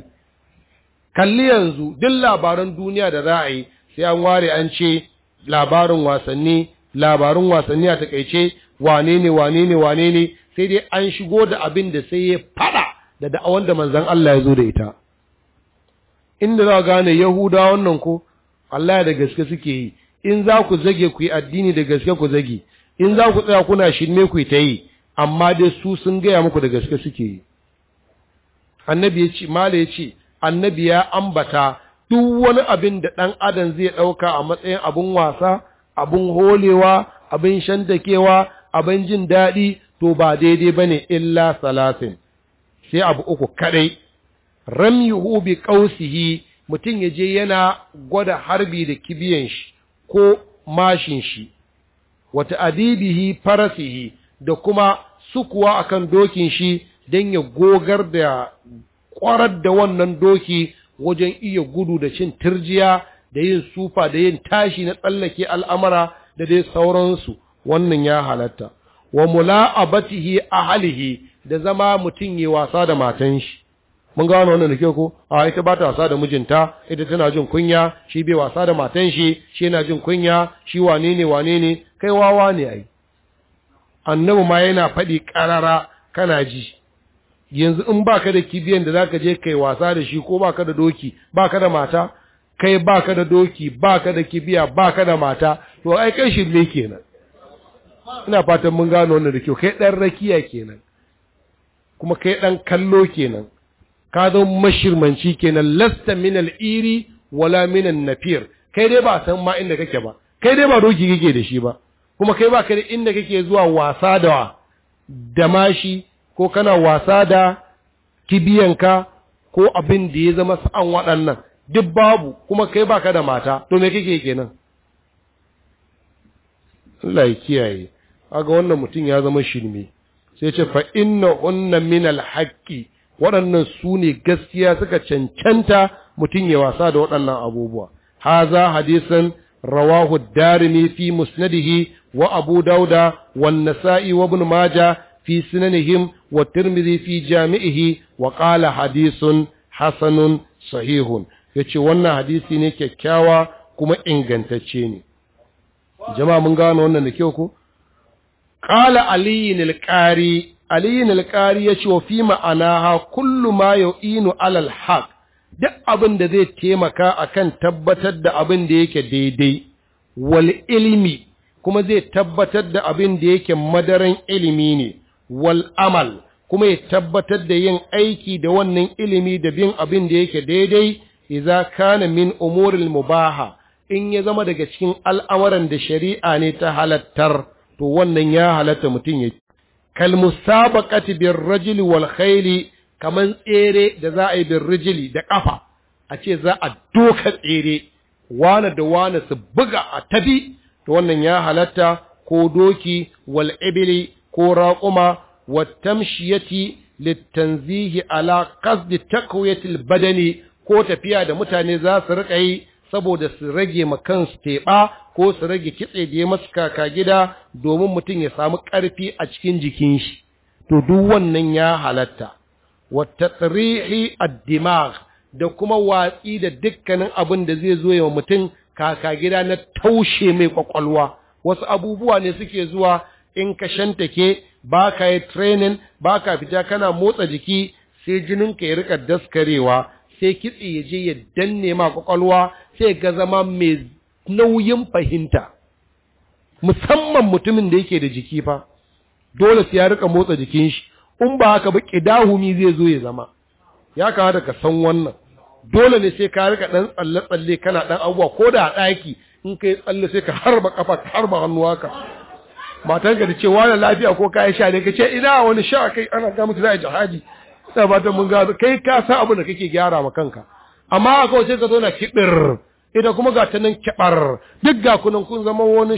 kalli yanzu duk labaran duniya da za a yi sai an ware an ce labarin wasanni labarin wasanni a takaice wane ne wane ne wane ne sai dai an shigo da abin da sai ya fada da da'awar da manzon Allah ya zo da ita inda za gane yahuda wannan ko Allah da gaske suke yi in za ku zage ku yi addini da gaske ku zage in za ku tsaya kuna shirme ku ta yi amma dai su sun gaya muku da gaske suke yi annabi ya ce mala ya ce annabi ya ambata duk wani abin da ɗan adam zai ɗauka a matsayin abin wasa abin holewa abin shantakewa abin jin daɗi to ba daidai ba ne illa salasin sai abu uku kaɗai ramyuhu bi ƙausihi mutum ya je yana gwada harbi da kibiyan shi ko mashin shi wata adibihi farasihi da kuma sukuwa akan dokin shi don ya gogar da ƙwarar da wannan doki wajen iya gudu da cin turjiya da yin sufa da yin tashi na tsallake al'amara da dai sauransu wannan ya halatta wa mula'abatihi halihi da zama mutum yi wasa da matan shi mun gano wannan da ke ko a ita ba ta wasa da mijinta ita tana jin kunya shi bai wasa da matan shi shi yana jin kunya shi wane ne wane ne kai wawa ne ai annabi ma yana faɗi ƙarara kana ji yanzu in baka da kibiyan da zaka je kai wasa da shi ko baka da doki baka da mata kai baka da doki baka da kibiya baka da mata to ai kai shi ne kenan ina fatan mun gano wannan da kyau kai dan rakiya kenan kuma kai dan kallo kenan ka zo mashirmanci kenan lasta min iri wala min an-nafir kai dai ba san ma inda kake ba kai dai ba doki kake da shi ba kuma kai ba kai inda kake zuwa wasa da da mashi ko kana wasa da kibiyanka ko abin da ya zama sa'an waɗannan duk babu kuma kai baka da mata to me kake kenan Allah ya kiyaye aga wannan mutum ya zama shirme sai ce fa inna unna min alhaqi waɗannan su ne gaskiya suka cancanta mutum ya wasa da waɗannan abubuwa haza hadisan rawahu darimi fi musnadihi wa abu dauda wa nasa'i wa ibn majah fi sunanihim wa tirmidhi fi jami'ihi wa qala hadisun sahihun yace wannan hadisi ne kyakkyawa kuma ingantacce ne jama'a mun gano wannan da kyau ko qala aliyin alqari aliyin alqari yace wa fi ma'anaha kullu ma yu'inu alal haq duk abin da zai taimaka akan tabbatar da abin da yake daidai wal ilmi kuma zai tabbatar da abin da yake madaran ilimi ne wal amal kuma ya tabbatar da yin aiki da wannan ilimi da bin abin da yake daidai idza kana min umuril mubaha in ya zama daga cikin al'amuran da shari'a ne ta halattar to wannan ya halatta mutum ya kal musabaqati bir rajuli wal khayli kaman tsere da za a yi bir rajuli da kafa a ce za a doka tsere wana da wana su buga a tabi to wannan ya halatta ko doki wal ibli ko raƙuma tamshiyati littanzihi ala qasdi takwiyatil badani ko tafiya da mutane za su rika yi saboda su rage makan teɓa ko su rage kitse da ya masu kaka gida domin mutum ya samu ƙarfi a cikin jikin shi to duk wannan ya halatta wata tsarihi addimag da kuma watsi da dukkanin abin da zai zo yawa mutum kaka gida na taushe mai kwakwalwa wasu abubuwa ne suke zuwa in ka shantake ba ka yi trenin ba ka fita kana motsa jiki sai jininka ya rika daskarewa sai kitse ya je ya danne ma kwakwalwa sai ga zama mai nauyin fahimta musamman mutumin da yake da jiki fa dole sai ya rika motsa jikin shi in ba haka ba kidahumi zai zo ya zama ya da ka san wannan dole ne sai ka rika dan tsalle tsalle kana dan abuwa ko da a daki in kai tsalle sai ka harba kafa ka harba hannuwa ka matarka ta ce wani lafiya ko kayan sha ne ka ce ina wani sha kai ana ga mutu zai jihadi jihadi ba ta mun gano kai ka san abin da kake gyara ma kanka amma a wace sai ka zo na idan ita kuma ga ta nan duk ga kunan kun zama wani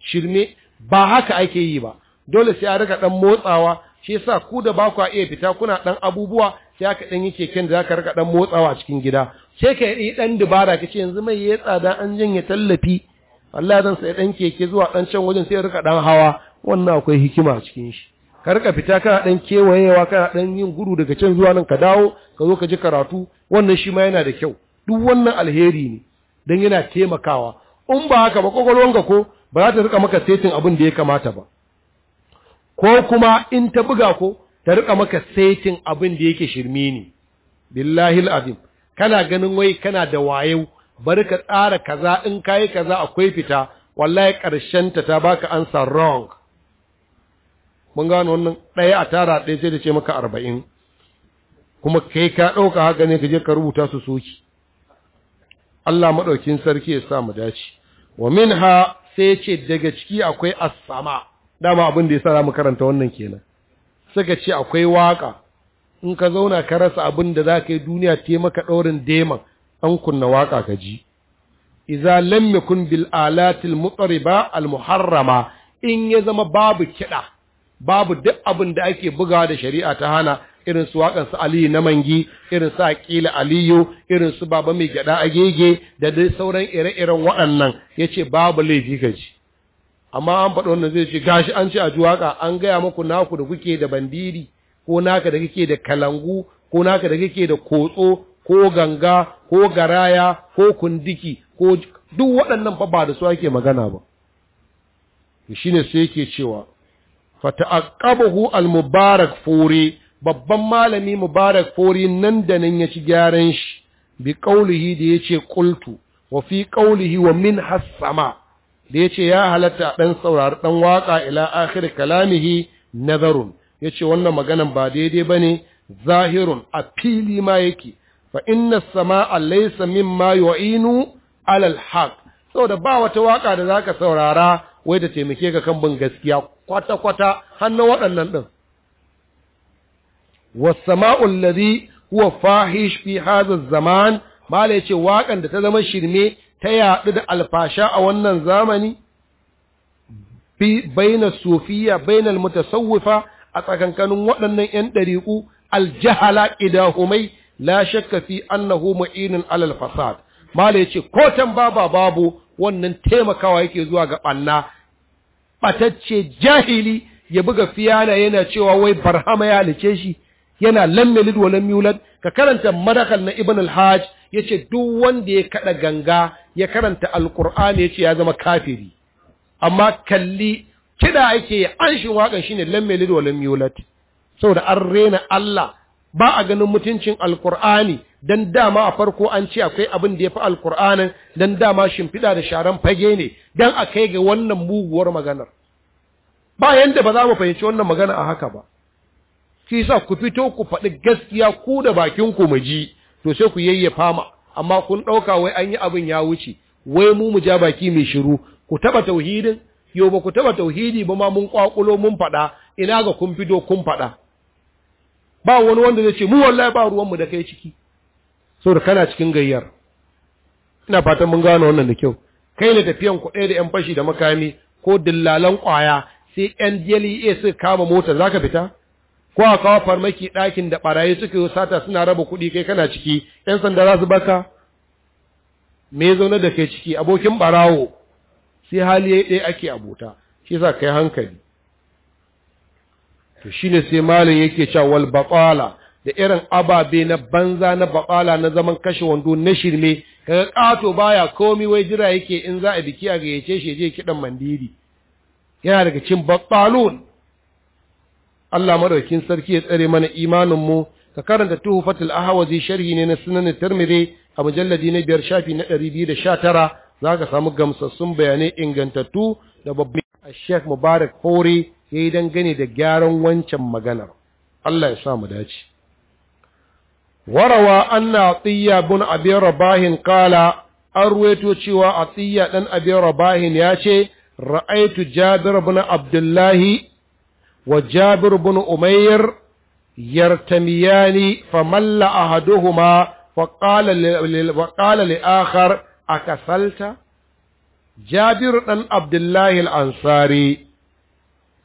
shirme ba haka ake yi ba dole sai a riga dan motsawa shi yasa ku da ba ku iya fita kuna dan abubuwa sai aka dan yi keken da zaka riga dan motsawa cikin gida sai ka yi dan dubara kace yanzu mai yatsa dan an janye tallafi Allah zan sai ɗan keke zuwa ɗan can wajen sai rika ɗan hawa wannan akwai hikima a cikin shi ka rika fita kana ɗan kewayewa kana ɗan yin gudu daga can zuwa nan ka dawo ka zo ka ji karatu wannan shi ma yana da kyau duk wannan alheri ne dan yana taimakawa in ba haka ba kwakwalwanka ko ba za ta rika maka setin abin da ya kamata ba ko kuma in ta buga ko ta rika maka setin abin da yake shirme ne billahi al'azim kana ganin wai kana da wayo bari ka tsara kaza in kayi kaza akwai fita wallahi ta ta baka ansa wrong mun gano wannan ɗaya a tara ɗaya sai da ce maka arba'in kuma kai ka ɗauka haka ne ka je ka rubuta su soki Allah maɗaukin sarki ya sa mu dace wa minha sai ce daga ciki akwai as-sama dama abin da ya sa mu karanta wannan kenan suka ce akwai waka in ka zauna ka rasa abin da za ka yi duniya taimaka maka ɗaurin deman an kunna waka ka ji iza lam yakun bil alatil mutriba al muharrama in ya zama babu kiɗa babu duk abin da ake buga da shari'a ta hana irin su waƙar su aliyu na mangi irin su aƙila aliyu irin su baba mai gyaɗa a gege da dai sauran ire-iren waɗannan ya ce babu laifi ka ji amma an faɗi wannan zai ce gashi an ce a ji waƙa an gaya muku naku da kuke da bandiri ko naka da kake da kalangu ko naka da kake da kotso ko ganga ko garaya ko kundiki ko duk waɗannan fa ba da su ake magana ba shine sai yake cewa fata aqabahu al-mubarak furi babban malami mubarak fure, nan da nan ya ci gyaran shi bi qaulihi da yace qultu wa fi qaulihi wa min hasama da yace ya halatta dan saurari dan waka ila akhir kalamihi nazarun yace wannan maganan ba daidai bane zahirun a fili ma yake fa inna sama'a laysa mimma yu'inu alal haq saboda ba wata waka da zaka saurara wai da taimake ka kan bin gaskiya kwata kwata hannun waɗannan din was-sama'u huwa fahish fi hadha zaman mala yace wakan da ta zama shirme ta yaɗu da alfasha a wannan zamani baina sufiya baina mutasawwifa a tsakankanin waɗannan 'yan ɗariƙu aljahala idahumai la shakka fi annahu mu'inun alal fasad mala yace ko baba babu wannan taimakawa yake zuwa ga ɓanna? batacce jahili ya buga fiyana yana cewa wai barhama ya halice shi yana lamme yalid wa ka karanta madakal na ibn al yace duk wanda ya kaɗa ganga ya karanta alqur'ani yace ya zama kafiri amma kalli kida ake anshin wakan shine lamme yalid wa lam saboda an rena Allah ba a ganin mutuncin alkur'ani dan dama a farko an ce akwai abin da ya fi alkur'anin dan dama shimfiɗa da sharan fage ne dan a kai ga wannan muguwar maganar ba yanda ba za mu fahimci wannan magana a haka ba shi sa ku fito ku faɗi gaskiya ku da bakin ku mu ji to sai ku yayyafa ma amma kun ɗauka wai an yi abin ya wuce wai mu mu ja baki mai shiru ku taɓa tauhidin yau ba ku taɓa tauhidi ba ma mun ƙwaƙulo mun faɗa ina ga kun fito kun faɗa ba wani wanda zai ce mu wallahi ba ruwanmu da kai ciki saboda kana cikin gayyar ina fatan mun gano wannan da kyau kai ne tafiyan ku ɗaya da yan fashi da makami ko dillalan ƙwaya sai yan DLEA suka kama mota za ka fita ko a kawo farmaki ɗakin da ɓarayi suka sata suna raba kuɗi kai kana ciki yan sanda za su baka me zauna da kai ciki abokin ɓarawo sai hali ɗaya ake abota shi yasa kai hankali to shine sai malam yake cewa wal batala da irin ababe na banza na batala na zaman kashe wando na shirme kaga kato baya komi wai jira yake in za a biki a gayyace shi je kidan mandiri yana daga cin batalun Allah madaukin sarki ya tsare mana imanin mu ka karanta tuhfatul ahwazi sharhi ne na sunan tirmidhi a mujalladi na biyar shafi na 219 zaka samu gamsassun bayanai ingantattu da babban Sheikh Mubarak Fori ya yi dangane da gyaran wancan maganar Allah ya sa mu dace warawa anna Tsiyya bin abi rabahin kala an ruwaito cewa atiyya ɗan abi rabahin ya ce ra'aitu jabir bin abdullahi wa jabir bin umayr yartamiyani famalla ahaduhuma فقال ƙala li'akar a جابر بن عبد Abdullahi الأنصاري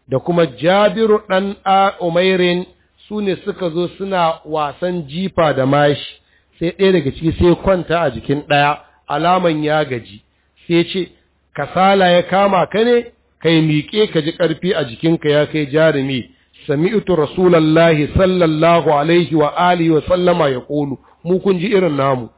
da kuma jabiru ɗan umairin su ne suka zo suna wasan jifa da mashi sai ɗaya daga ciki sai kwanta a jikin ɗaya alaman ya gaji sai ce kasala ya kama ka ne kai miƙe ka ji ƙarfi a jikinka ya kai jarumi sami'tu rasulallahi sallallahu alaihi wa alihi wa sallama ya ƙolu mu kun ji irin namu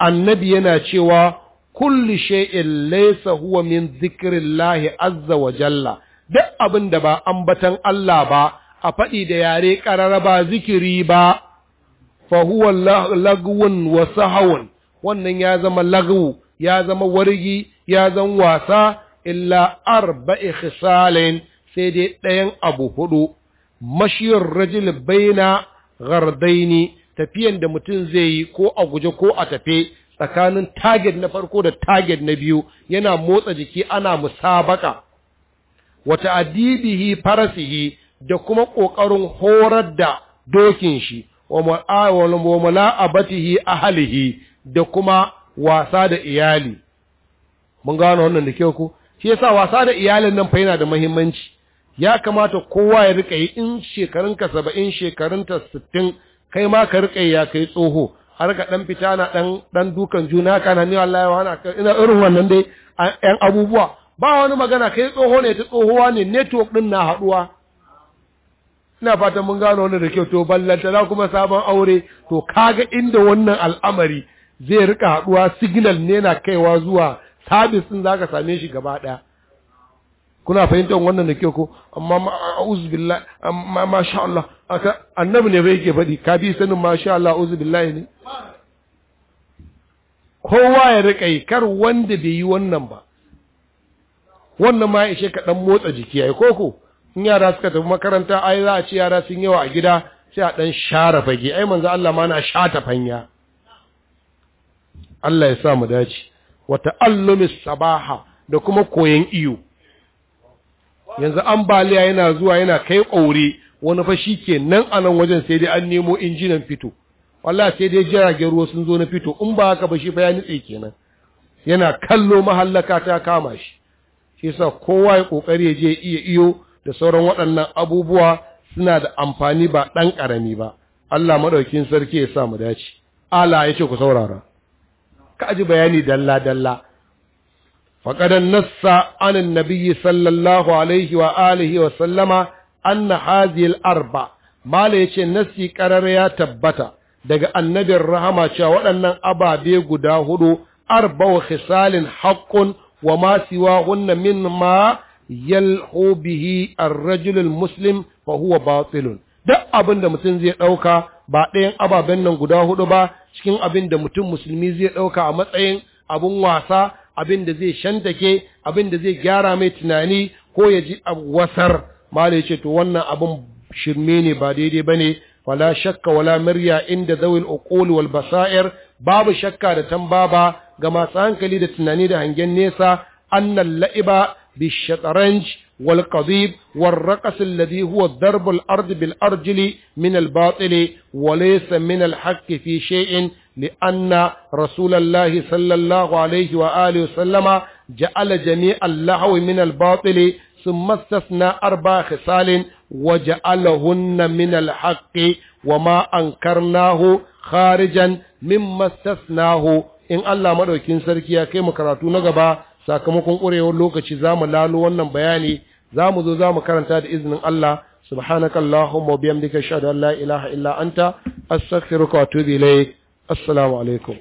annabi yana cewa kulli shay'in laysa huwa min dhikrillahi azza wa jalla duk abin da ba ambatan Allah ba a faɗi da yare ƙarara ba zikiri ba fa huwa lagwun wa hawan, wannan ya zama lagwu ya zama wargi ya zama wasa illa arba'i khisalin sai dai ɗayan abu hudu mashiyar rajul baina gardaini tafiyan da mutum zai yi ko a guje ko a tafe tsakanin target na farko da target na biyu yana motsa jiki ana musabaka wa ta'dibihi farasihi da kuma kokarin horar da dokin shi wa mula'abatihi ahlihi da kuma wasa da iyali mun gano wannan da kyau ko shi yasa wasa da iyalin nan fa yana da muhimmanci ya kamata kowa ya rika yi in shekarun ka 70 shekarun ta 60 kai ma ka rika ya kai tsoho har ka dan fita na dan dan dukan juna kana ni wallahi wani ina irin wannan dai 'yan abubuwa ba wani magana kai tsoho ne ta tsohuwa ne network din na haduwa ina fatan mun gano wannan da kyau to ballanta za kuma sabon aure to kaga inda wannan al'amari zai rika haduwa signal ne na kaiwa zuwa sabis din zaka same shi gaba daya kuna fahimtar wannan da kyau ko amma ma'uz billahi amma masha Allah aka annabi ne bai yake faɗi ka bi sanin masha Allah uzu billahi ne kowa ya rika yi kar wanda bai yi wannan ba wannan ma ishe ka dan motsa jiki ai koko in yara suka tafi makaranta ai za a ce yara sun yawa a gida sai a dan share fage ai manzo Allah ma na shata fanya Allah ya sa mu dace wa ta'allumis sabaha da kuma koyan iyo yanzu ambaliya yana zuwa yana kai kaure wani fa ke nan a nan wajen sai dai an nemo injinan fito wallahi sai dai jiragen ruwa sun zo na fito in ba haka ba shi fa ya nitse kenan yana kallo mahallaka ta kama shi shi yasa kowa ya kokari ya je iya iyo da sauran waɗannan abubuwa suna da amfani ba ɗan ƙarami ba Allah maɗaukin sarki ya sa mu dace Allah ya ce ku saurara ka ji bayani dalla dalla فقد sallallahu alaihi wa alihi wa sallama anna hadhihi al-arba الأربع yace ليش نسي ya tabbata. daga annabin rahama cewa waɗannan ababe guda hudu arba wa khisalin haƙƙun wa ma siwahunna mimma yalhu bihi ar-rajul muslim fa huwa duk abin da mutum zai ɗauka ba ɗayan ababen nan guda hudu ba cikin abin da mutum musulmi zai ɗauka a matsayin abin wasa abin da zai shantake abin da zai gyara mai tunani ko ya ji wasar malai ce to wannan abin shirme ne ba daidai ba ne wala shakka wala murya inda zawil uqul wal basair babu shakka da tambaba ga masu hankali da tunani da hangen nesa annan la'iba bishatarenj wal kazib wal huwa darbul ardi bil arjili min al batili wa laysa fi shay'in li anna ja'ala jami'al lahwi min al batili ثم استثنى أربع خصال وجعلهن من الحق وما أنكرناه خارجا مما استثناه in Allah maɗaukin sarki ya kai mu karatu na gaba sakamakon ƙurewar lokaci za mu lalo wannan bayani za mu zo za mu karanta da izinin Allah subhanakallahumma wa dika ashhadu an la ilaha illa anta astaghfiruka wa atubu ilaik assalamu alaikum